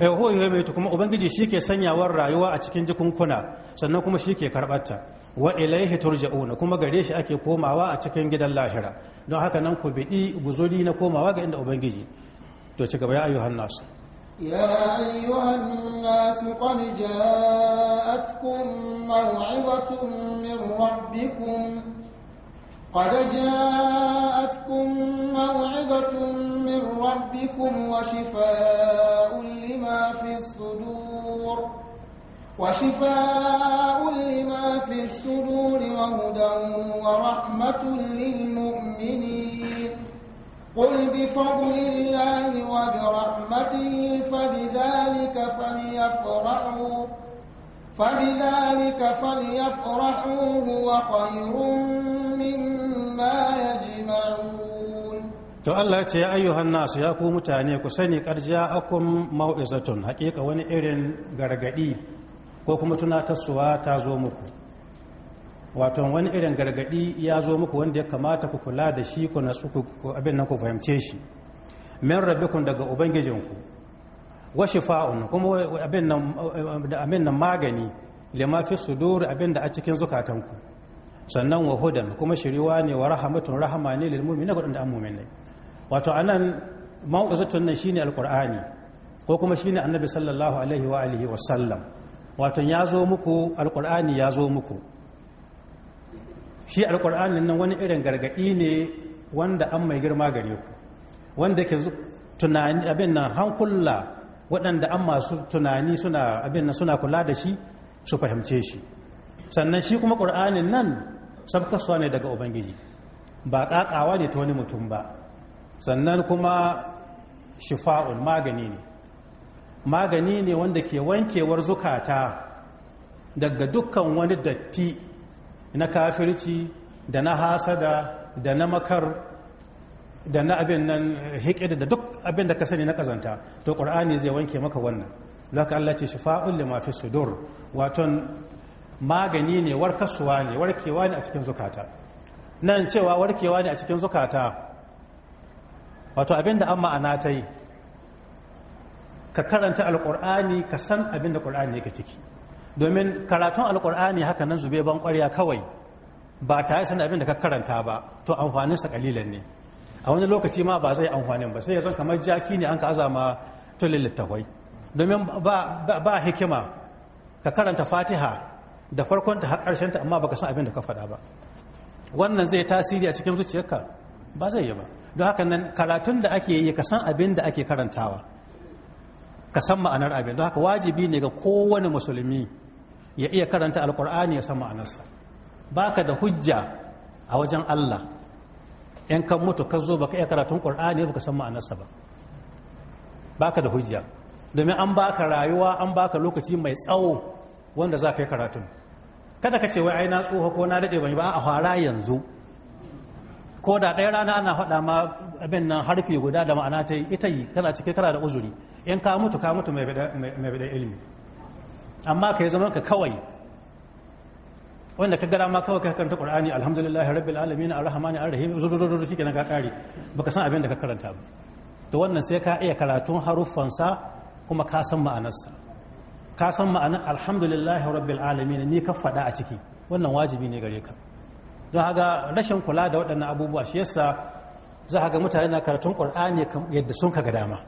eh kuma ubangiji shi ke sanyawar rayuwa a cikin jikunkuna sannan kuma shi ke karɓarta wa ilaihi turja'una kuma gare shi ake komawa a cikin gidan lahira don haka nan ku biɗi guzuri na komawa ga inda ubangiji to ci gaba ya ayyuhan nasu يا أيها قد جاءتكم موعظة من ربكم وشفاء لما في الصدور وشفاء لما في الصدور وهدى ورحمة للمؤمنين قل بفضل الله وبرحمته فبذلك فليفرحوا فبذلك فليفرحوا هو خير to Allah ce ya ayyuhan nasu ya ku mutane ku sani karja akum mau'izatun hakika wani irin gargadi ko kuma tunatarsuwa ta zo muku wato wani irin gargadi ya zo muku wanda ya kamata ku kula da shi ku natsu ku abin nan ku fahimce shi min rabbikum daga ubangijinku wa shifa'un kuma abin nan eh, eh, magani lima fi sudur abin da a cikin zukatanku sannan wa hudan kuma shiriwa ne wa rahamatun rahama ne lil mu'minin ga dukkan mu'minai wato anan mawqizatun nan shine alqur'ani ko kuma shine annabi sallallahu alaihi wa alihi wa sallam wato ya zo muku alqur'ani ya zo muku shi alqur'anin nan wani irin gargadi ne wanda an mai girma gare ku wanda ke tunani abin nan hankulla waɗanda an masu tunani suna abin nan suna kula da shi su fahimce shi sannan shi kuma ƙur'anin nan sabkaswa ne daga ubangiji ba ƙaƙawa ne ta wani mutum ba sannan kuma shifa'un magani ne magani ne wanda ke wankewar zukata daga dukkan wani datti na kafirci da na hasada da na makar da na abin nan hikida da duk abin da ka sani na kazanta to ƙur'ani zai wanke maka wannan laka Allah ce shifa'un lima fi sudur waton magani ne warkasuwa ne warkewa ne a cikin zukata nan cewa warkewa ne a cikin zukata wato abinda an ma'ana ta yi ka karanta alkur'ani ka san abinda ne yake ciki domin karatun alkur'ani haka nan zube ban kawai ba tare san abinda ka karanta ba to amfaninsa kalilan ne a wani lokaci ma ba zai amfanin ba sai ya zan kamar jaki ne an ka azama tulin littafai domin ba hikima ka karanta fatiha da farkonta ta har ƙarshen ta amma baka san abin da ka faɗa ba wannan zai tasiri a cikin zuciyarka ba zai yi ba don haka nan karatun da ake yi ka san abin da ake karantawa ka san ma'anar abin don haka wajibi ne ga kowane musulmi ya iya karanta alkur'ani ya san ma'anarsa baka da hujja a wajen Allah yan kan mutu ka zo baka iya karatun qur'ani baka san ma'anarsa ba baka da hujja domin an baka rayuwa an baka lokaci mai tsawo wanda za ka yi karatun kada ka ce wai aina tsoho ko na daɗe bane ba a fara yanzu ko da ɗaya rana ana faɗa ma abin nan harfi guda da ma'ana ta ita yi kana cike kana da uzuri in ka mutu ka mutu mai bada ilimi amma ka yi zaman ka kawai wanda ka gara ma kawai ka karanta qur'ani alhamdulillahi rabbil alamin arrahman arrahim zuzuzuru shikenan ka kare baka san abin da ka karanta ba to wannan sai ka iya karatun haruffansa kuma ka san ma'anarsa ka san ma'anar alhamdulillah rabbil alamin ni ka faɗa a ciki wannan wajibi ne gare ka don haka rashin kula da waɗannan abubuwa shi yasa za ga mutane na karatun qur'ani yadda sun ka ga dama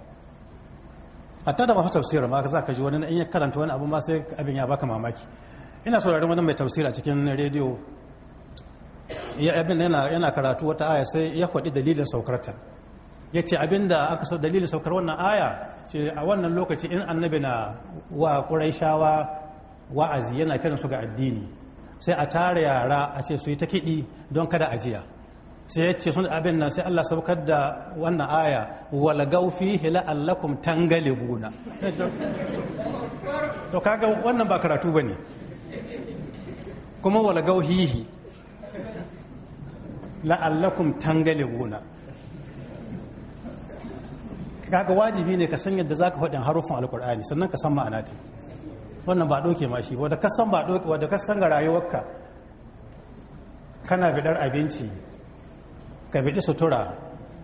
a tada masu tafsir ma za ka ji wani in ya karanta wani abu ma sai abin ya baka mamaki ina sauraron wani mai tafsir a cikin rediyo abin yana karatu wata aya sai ya faɗi dalilin saukarta ya ce abinda aka so dalilin saukar wannan aya ce a wannan lokaci in annabi na wa ƙuraishawa wa'azi yana kiran su ga addini sai a tara yara a ce su yi ta kiɗi don kada ajiya sai ya ce sun abin nan sai Allah saukar da wannan aya wal gaufi hila allakum tangalibuna to kaga wannan ba karatu bane kuma wal gauhihi la allakum tangalibuna kaga wajibi ne ka san yadda zaka faɗin harufin alkur'ani sannan ka san ma'ana ta wannan ba ɗauke ma shi wadda kasan ba ɗauke wadda kasan ga rayuwarka kana bidar abinci ka bidi sutura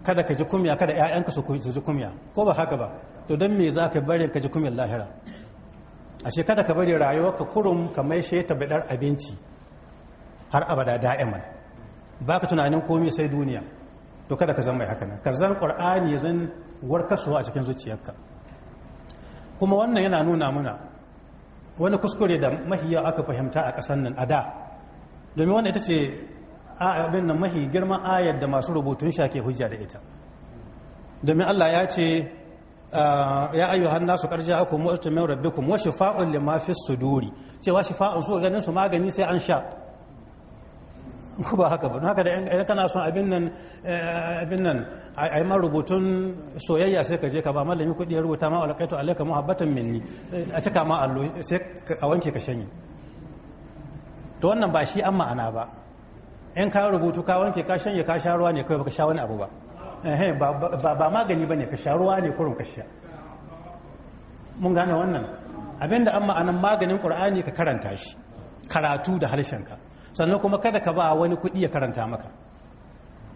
kada ka ji kumya kada ƴaƴanka su ji kumya ko ba haka ba to don me za ka bari ka ji kumyar lahira ashe kada ka bari rayuwarka kurum ka mai ta bidar abinci har abada da'iman ba ka tunanin komai sai duniya to kada ka zama mai haka nan ka zan qur'ani zan warkaswa a cikin zuciyarka kuma wannan yana nuna muna wani kuskure da mahiya aka fahimta a ƙasar nan a da domin wannan ita ce abin nan mahi girman ayar da masu rubutun shake hujja da ita domin allah ya ce ah, ya ayyuhan su karji aku mu'tu rabbikum wa shifa'un lima fi suduri cewa shifa'un su ganin su magani sai an sha ko ba haka ba haka da idan kana son abin nan eh, abin nan ma rubutun soyayya sai ka je ka ba malami kuɗi ya rubuta ma alqaitu alaika muhabbatan minni eh, a cika ma allo sai a wanke ka shanyi to wannan ba shi an ma'ana ba in ka rubutu ka wanke ka shanye ka sha ruwa ne kawai baka sha wani abu ba eh, ba magani ba ne ka sha ruwa ne kurum ka sha mun gane wannan abinda an ma'anan maganin ƙur'ani ka karanta shi karatu da harshenka sannan kuma kada ka ba wani kuɗi ya karanta maka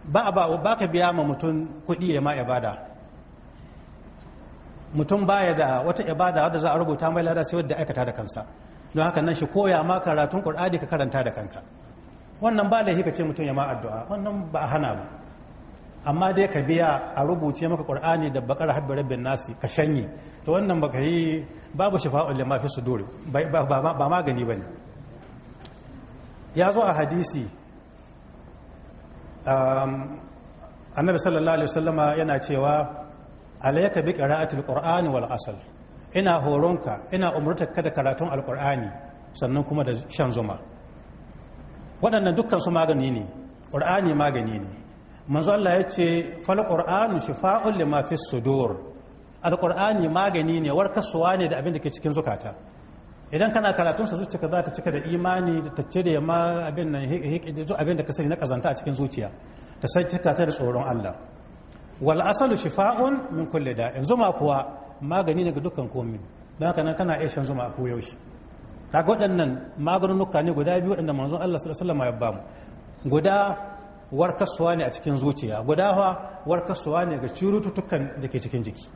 ba a ba ka biya ma mutum kuɗi ya ma ibada mutum baya da wata ibada wadda za a rubuta mai lada sai wadda aikata da kansa don haka nan shi koya ma karatun qur'ani ka karanta da kanka wannan ba laifi ka ce mutum ya ma addu'a wannan ba a hana ba amma dai ka biya a rubuce maka ƙur'ani da bakar habbi rabbin nasi ka shanye to wannan baka yi babu shifa'ul lima fi sudur ba magani bane ya zo a hadisi um, annabi sallallahu alaihi wasallama yana cewa alayka bi qira'atil qur'ani wal asal ina horonka ina ka da karatun alqur'ani sannan kuma da shan zuma waɗannan dukkan su magani ne ƙur'ani magani ne manzo Allah ya ce fal qur'anu shifa'un lima fis sudur alqur'ani magani ne warkaswa ne da abin da ke cikin zukata idan kana karatun sa zuciya za ta cika da imani da ta cire ma abin nan abin da ka sani na kazanta a cikin zuciya ta sai cika ta da tsoron Allah wal asalu shifa'un min kulli da'in zuma kuwa magani ne ga dukkan komai don haka nan kana iya shan zuma a koyaushe kaga waɗannan maganunuka ne guda biyu waɗanda manzon Allah sallallahu alaihi wasallam ya bamu guda warkaswa ne a cikin zuciya guda fa warkaswa ne ga cututtukan da ke cikin jiki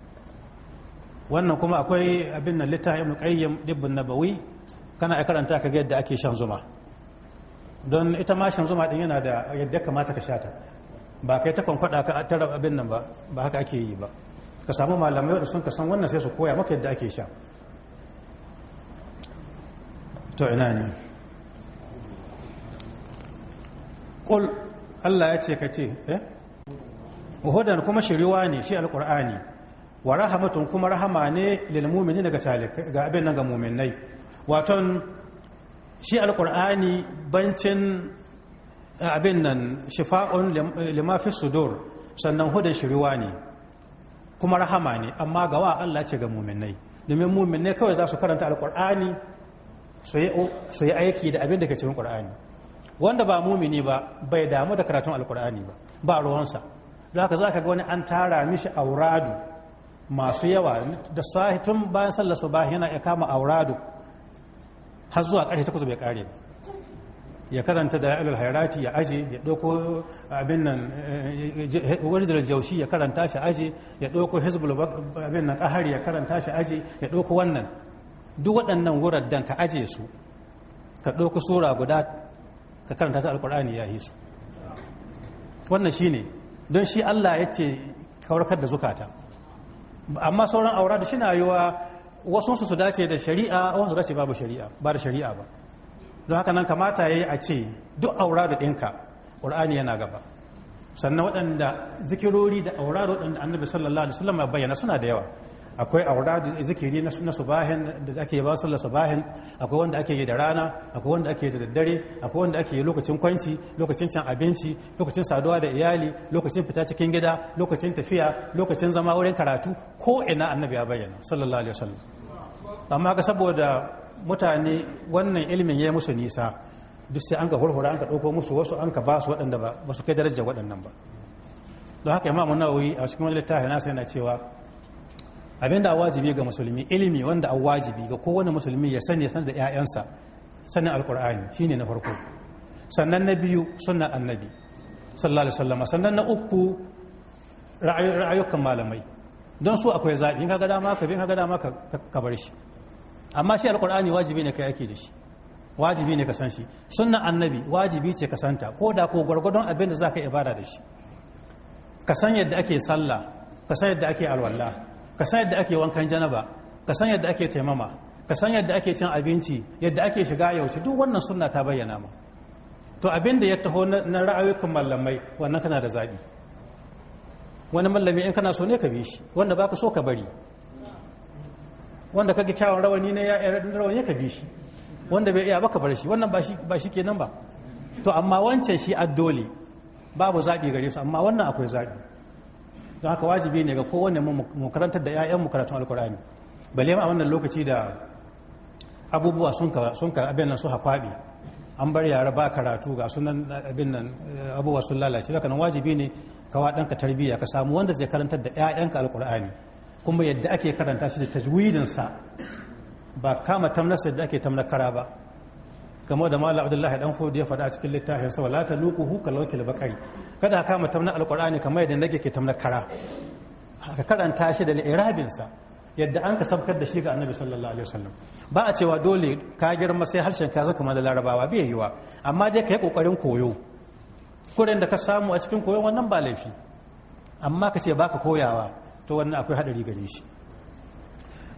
wannan kuma akwai abin nan littafin ibn qayyim dibbun nabawi kana ai karanta ka ga yadda ake shan zuma don ita ma shan zuma din yana da yadda kamata ka shata ba kai ta kwankwada ka tarar abin nan ba ba haka ake yi ba ka samu malamai wanda sun ka san wannan sai su koya maka yadda ake sha to ina ne qul Allah ya ce ka ce eh kuma shiriwa ne shi alqur'ani wa rahamatun kuma rahama ne lil daga ga ga abin nan ga mu'minai waton shi alkur'ani bancin eh, abin nan shifa'un eh, lima fi sudur sannan hudan shiriwa ne kuma rahama ne amma ga wa Allah ce ga mu'minai domin mu'minai kawai za su karanta alkur'ani su yi aiki da abin da ke cikin qur'ani wanda ba mumini ba bai damu da karatun alkur'ani ba ba ruwansa za ka ga wani an tara mishi auradu masu yawa da sahi tun bayan sallar bayan yana ya kama auradu har zuwa ƙarfe takwas bai ƙare ya karanta da ilul hairati ya aje ya ɗauko abin nan eh, wajen jaushi ya karanta shi aje ya ɗauko hezbol abin nan ƙahari ya karanta shi aje ya ɗauko wannan duk waɗannan wuraddan ka aje su ka ɗauko sura guda ka karanta ta Alƙur'ani ya yi su wannan shi ne don shi allah ya ce kawarkar da zukata amma sauran aura da shina yiwa wasu su su dace da shari'a wasu su dace babu shari'a ba da shari'a ba don haka nan kamata yi a ce duk aura da ɗinka ƙur'ani yana gaba sannan waɗanda zikirori da aura da waɗanda annabi sallallahu alaihi wasallam ya bayyana suna da yawa akwai auradu zikiri na subahin da ake ba sallar subahin akwai wanda ake yi da rana akwai wanda ake yi da daddare akwai wanda ake yi lokacin kwanci lokacin cin abinci lokacin saduwa da iyali lokacin fita cikin gida lokacin tafiya lokacin zama wurin karatu ko ina annabi ya bayyana sallallahu alaihi wasallam amma ga saboda mutane wannan ilimin ya musu nisa duk sai an ka hurhura an ka ɗauko musu wasu an ka ba su waɗanda ba su kai darajar waɗannan ba don haka imamu nawawi a cikin wani littafi nasa yana cewa abin da wajibi ga musulmi ilimi wanda a wajibi ga kowane musulmi ya sani sanar da 'ya'yansa sanin alkur'ani shine na farko sannan na biyu sunna annabi sallallahu alaihi wasallam sannan na uku ra'ayukan malamai don su akwai zaɓi in kaga dama ka bin kaga dama ka bar shi amma shi alkur'ani wajibi ne kai ake da shi wajibi ne ka san shi sunna annabi wajibi ce ka santa ko da ko gwargwadon abin da za ka ibada da shi ka san yadda ake sallah ka san yadda ake alwallah ka san yadda ake wankan janaba ka san yadda ake taimama ka san yadda ake cin abinci yadda ake shiga yauci duk wannan sunna ta bayyana ma to abin da ya taho na ra'ayoyin mallamai wannan kana da zaɓi wani mallami in kana so ne ka bi shi wanda baka so ka bari wanda kaga kyawun rawani ne ya rawani ka bi shi wanda bai iya baka bar shi wannan ba shi ba shi kenan ba to amma wancan shi addoli babu zaɓi gare su amma wannan akwai zaɓi don haka wajibi ne ga kowanne mu karantar da 'ya'yan mu karatun alkur'ani bale ma a wannan lokaci da abubuwa sun ka abin nan su hakwabi an bar yara ba karatu ga sunan abin nan eh, abubuwa sun lalace daga nan wajibi ne kawa ɗan ka tarbiyya ka samu wanda zai karantar da yayan ka alkur'ani kuma yadda ake karanta shi da tajwidin ba kama tamnasa yadda ake tamnakara ba game da malam abdullahi dan fodi ya faɗa a cikin littafin sa wala ta luquhu kal wakil bakari kada ka kama tamna alqur'ani kamar yadda nake ke tamna kara ka karanta shi da irabin sa yadda an ka sabkar da shi ga annabi sallallahu alaihi wasallam ba a cewa dole ka girma sai harshen ka zaka da larabawa bai yiwa amma dai ka yi kokarin koyo kuren da ka samu a cikin koyon wannan ba laifi amma ka ce baka koyawa to wannan akwai hadari gare shi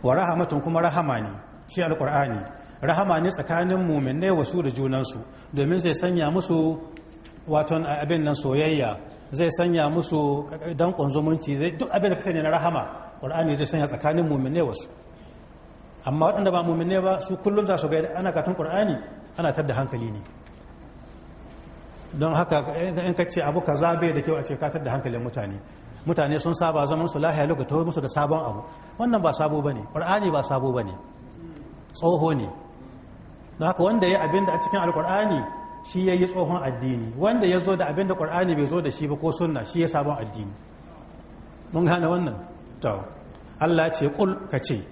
wa rahamatun kuma rahama ne shi alqur'ani rahama ne tsakanin muminai wasu da junansu domin zai sanya musu waton abin nan soyayya zai sanya musu dankon zumunci zai duk abin da kasance na rahama ƙur'ani zai sanya tsakanin muminai wasu amma waɗanda ba muminai ba su kullum za su ga ana katun ƙur'ani ana tadda hankali ne don haka in ka ce abu kaza bai da kyau a ce ka tadda hankalin mutane mutane sun saba zaman su lahiya lokacin musu da sabon abu wannan ba sabo bane ƙur'ani ba sabo bane tsoho ne don haka wanda ya abin da a cikin alkur'ani shi ya yi tsohon addini wanda ya zo da abin da ƙur'ani bai zo da shi ba ko sunna shi ya sabon addini mun gane wannan to Allah ce kul ka ce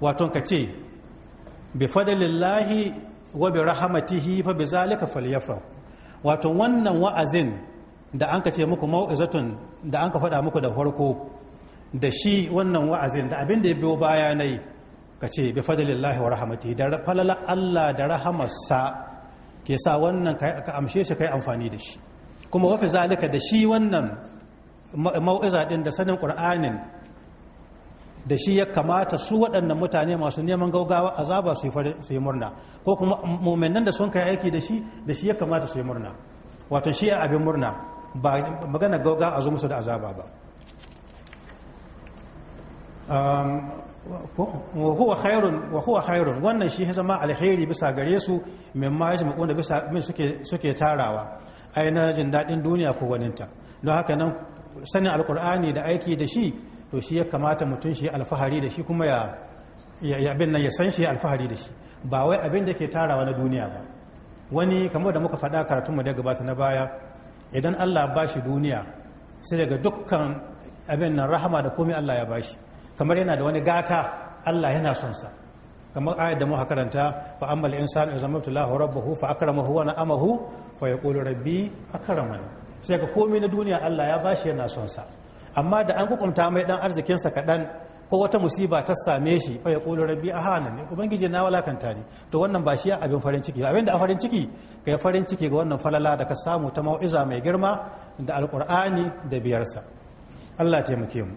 wato ka ce bi fadlillahi wa bi rahamatihi fa bi zalika falyafa, wato wannan wa'azin da an ka ce muku mau'izatun da an ka faɗa muku da farko da shi wannan wa'azin da abin da ya biyo baya ka ce bi fadlillahi wa rahmatihi da falala Allah da rahamarsa ke sa wannan ka amshe shi kai amfani da shi kuma wafi zalika da shi wannan mau'iza din da sanin qur'anin da shi ya kamata su waɗannan mutane masu neman gaugawa azaba su yi murna ko kuma mu'minan da sun kai aiki da shi da shi ya kamata su yi murna wato shi abin murna ba magana gauga a zo musu da azaba ba Um, wa huwa khairun wannan shi ya zama alheri bisa gare su ma yajma wanda bisa min suke tarawa ai na jin dadin duniya ko waninta don haka nan sanin alkur'ani da aiki da shi to shi ya kamata mutum shi alfahari da shi kuma ya abin nan ya san shi alfahari da shi ba wai abin da ke tarawa na duniya ba wani kamar da muka faɗa karatun mu da gabata na baya idan Allah ba shi duniya sai daga dukkan abin nan rahama da komai Allah ya ba shi. kamar yana da wani gata Allah yana son sa kamar ayat da muka karanta fa ammal insanu idza mabtalahu rabbuhu fa akramahu wa na'amahu fa yaqulu rabbi akramani sai ka komai na duniya Allah ya bashi yana son sa amma da an hukunta mai dan arzikin sa kadan ko wata musiba ta same shi fa yaqulu rabbi ahana ne ubangiji na walakanta ne to wannan ba shi abin farin ciki abin da farin ciki kai farin ciki ga wannan falala da ka samu ta mau'iza mai girma da alqur'ani da biyarsa Allah taimake mu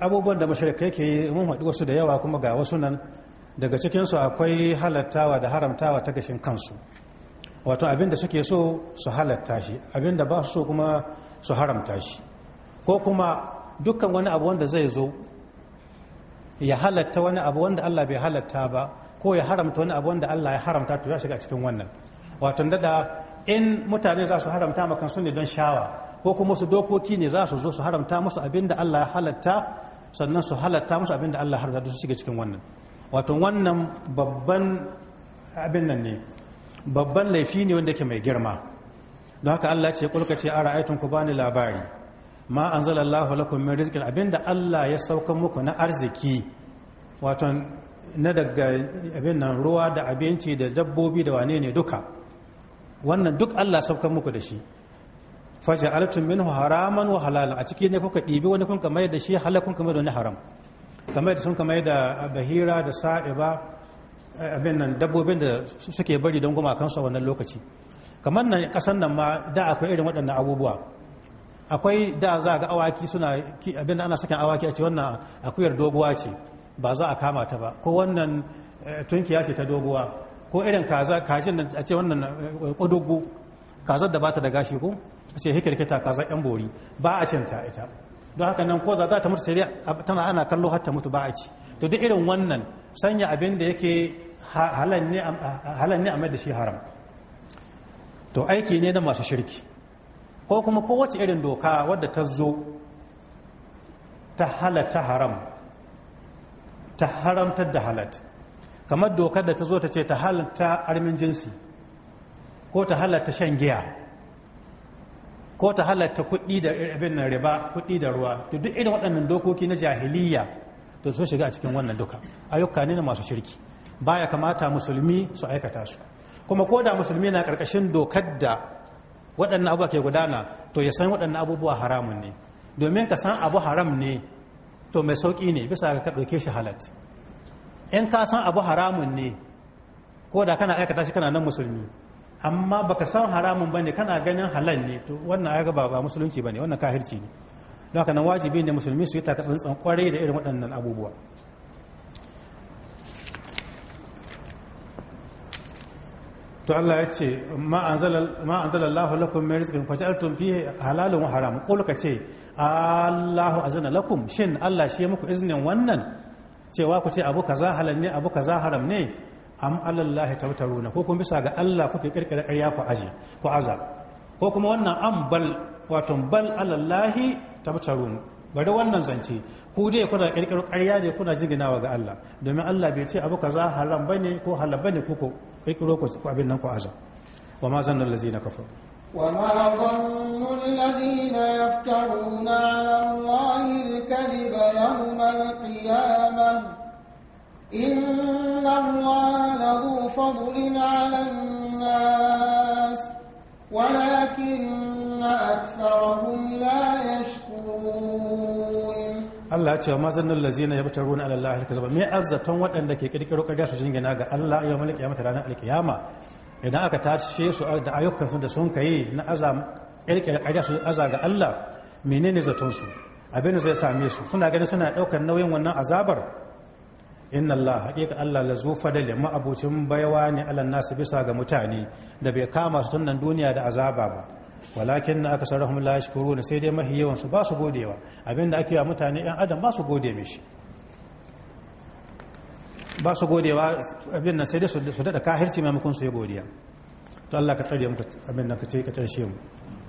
abubuwan da mashirkai ke yi mun haɗu wasu da yawa kuma ga wasu nan daga cikinsu akwai halattawa da haramtawa ta gashin kansu wato abinda suke so su halatta shi abinda ba su so kuma su haramta shi ko kuma dukkan wani abu wanda zai zo ya halatta wani abu wanda Allah bai halatta ba ko ya haramta wani abu wanda Allah ya haramta to ya shiga cikin wannan wato dada in mutane za su haramta makansu ne don shawa ko kuma su dokoki ne za su zo su haramta musu abinda Allah ya halatta sannan su halatta musu abin da Allah har da su shiga cikin wannan wato wannan babban abin nan ne babban laifi ne wanda ke mai girma don haka Allah ce kulka ce a ra'aytun ku bani labari ma anzalallahu lakum min rizqin abinda Allah ya sauka muku na arziki wato na daga abin nan ruwa da abinci da dabbobi da wane ne duka wannan duk Allah sauka muku da shi faja'altum minhu haraman wa halalan a ciki ne kuka ɗibi wani kun kamar da shi halal kun kamar da wani haram kamar da sun kamar da bahira da sa'iba eh, abin nan dabbobin da suke bari don kansu a wannan lokaci kamar nan kasan nan ma da akwai irin waɗannan abubuwa akwai da za ga awaki suna abin da ana sakin awaki a ce wannan akuyar doguwa ce ba za a kama ta ba ko wannan eh, tunkiya ce ta doguwa ko irin kajin nan a ce wannan eh, ƙudugu kazar da ba ta da gashi ko ce hikirkita ka yan bori ba a cinta ita don haka nan ko za ta mutu sai tana ana kallo har ta mutu ba a ci to duk irin wannan sanya abin da yake halan ne a mai da shi haram to aiki ne na masu shirki ko kuma kowace irin doka wadda ta zo ta halata haram ta haramtar da halat kamar dokar da ta zo ta ce ta halatta armin jinsi ko ta halatta shan giya ko ta halatta kuɗi da abin nan riba kuɗi da ruwa to duk irin waɗannan dokoki na jahiliya to sun shiga cikin wannan duka ayyuka ne na masu shirki baya kamata musulmi su aikata su kuma ko da musulmi na karkashin dokar da waɗannan abubuwa ke gudana to ya san waɗannan abubuwa haramun ne domin ka san abu haram ne to mai sauƙi ne bisa ga ka ɗauke shi halat in ka san abu haramun ne ko da kana aikata shi kana nan musulmi amma baka san haramun bane kana ganin halal ne to wannan ya ba ba musulunci bane wannan kahirci ne don haka nan wajibi ne musulmi su yi taka tsantsan kwarai da irin waɗannan abubuwa to Allah ya ce ma anzala Allahu lakum min rizqin faj'altum fi halalun wa haram qul ka ce Allahu azana lakum shin Allah shi muku iznin wannan cewa ku ce abu kaza halal ne abu kaza haram ne am alallahi tautaruna ko kuma bisa ga Allah kuke kirkira ƙarya ku aje ku azab ko kuma wannan am bal wato bal alallahi tautarun bari wannan zance ku dai kuna kirkiro ƙarya ne kuna jinginawa ga Allah domin Allah bai ce abu kaza haram bane ko halal bane ko ku kirkiro ku abin nan ku azab wa ma zanna allazina kafaru wa ma zannu allazina yaftaruna ala allahi alkadiba yawm alqiyamah الله لذو فضل على الناس ولكن أكثرهم لا يشكرون Allah ya ce wa ma zannul lazina yabtaruna ala Allah alkazaba me azzaton waɗanda ke kirkiro ƙarya su jingina ga Allah yau malik mata ranar alkiyama idan aka tashe su da ayyukan da sun kai na azam kirkiro ƙarya su aza ga Allah menene zaton su abin zai same su suna ganin suna ɗaukar nauyin wannan azabar inna Allah haƙiƙa Allah la zo fadali ma'abucin baiwa ne alan nasu bisa ga mutane da bai kama su tunan duniya da azaba ba walakin na aka sarrafin la shukuru ne sai dai mahi yawan su ba su godewa abinda ake wa mutane yan adam ba su gode mishi ba su godewa abin nan sai dai su daɗa kahirci maimakon su yi godiya to Allah ka tsare muka abin nan ka ce ka tarshe mu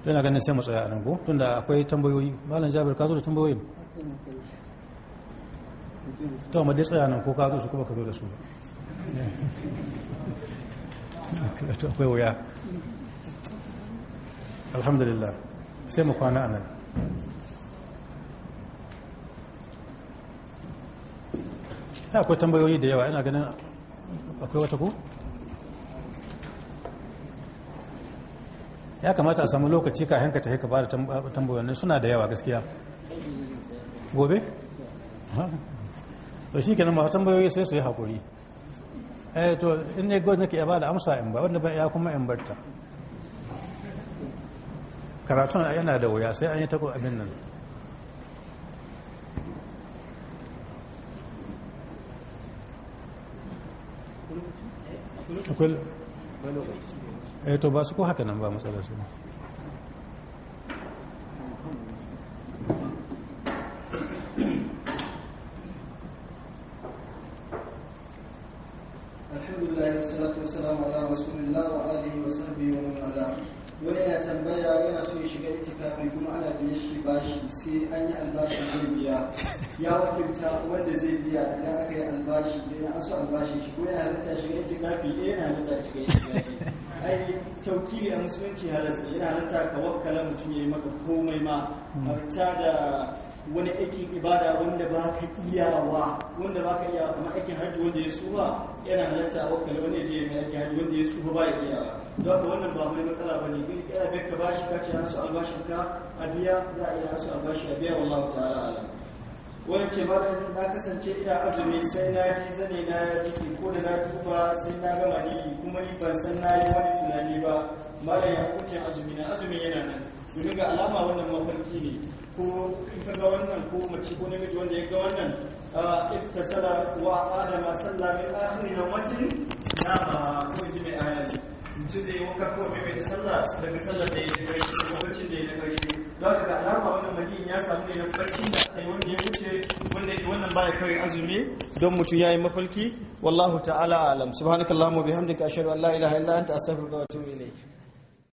don ganin sai mu tsaya a nan tunda akwai tambayoyi malam jabir ka zo da tambayoyin to ma dai tsaya nan ko ka zo su kuma ka zo da su ba *laughs* akwai wuya alhamdulillah sai mu kwana anan ya akwai tambayoyi da yawa ina ganin akwai wata ku ya kamata a samu lokaci ka hanka ta ba da tambayoyi suna da yawa gaskiya gobe? to shi kenan masu tambayoyi sai su yi haƙuri eh to in ne gwaji nake ba da amsa in ba wanda ba ya kuma in barta karatun yana da wuya sai an yi tako abin nan akwai eh to ba su ko haka nan ba matsalar su albashi idan an so albashi shi ko yana halitta shiga itikafi eh yana halitta shiga itikafi ai tauki a musulunci halasta yana halitta ka wakkala mutum ya yi maka komai ma harta hmm. da wani aikin ibada wanda ba ka iyawa wanda ba ka iyawa kamar aikin hajji wanda ya suha yana halatta a wakkala wani da ya mai aikin hajji wanda ya suha ba ya iyawa don haka wannan ba mai matsala ba ne kai kana ka bashi ka ce an su albashin ka a biya za a iya su albashi a biya wallahu ta'ala alam wance malami na kasance ina azumi sai na ji zane na ya jiki ko da na duba sai na gama ni kuma ni ban san na yi wani tunani ba malam ya kuce azumi na azumi yana nan domin ga alama wannan mafarki ne ko in ka ga wannan ko mace ko namiji wanda ya ga wannan iftasala wa adama sallah min akhiri na ma ko ji mai ayani mutum da ya wanka ko mai sallah daga sallah da ya ji kai lokacin da ya daga shi don haka alama wannan maniyin ya samu ne na farki da aka yi wanda ya wuce wanda yake wannan baya kawai azumi don mutum ya yi mafalki wallahu ta'ala alam subhanakallahumma bihamdika ashhadu an la ilaha illa anta astaghfiruka wa atubu ilayk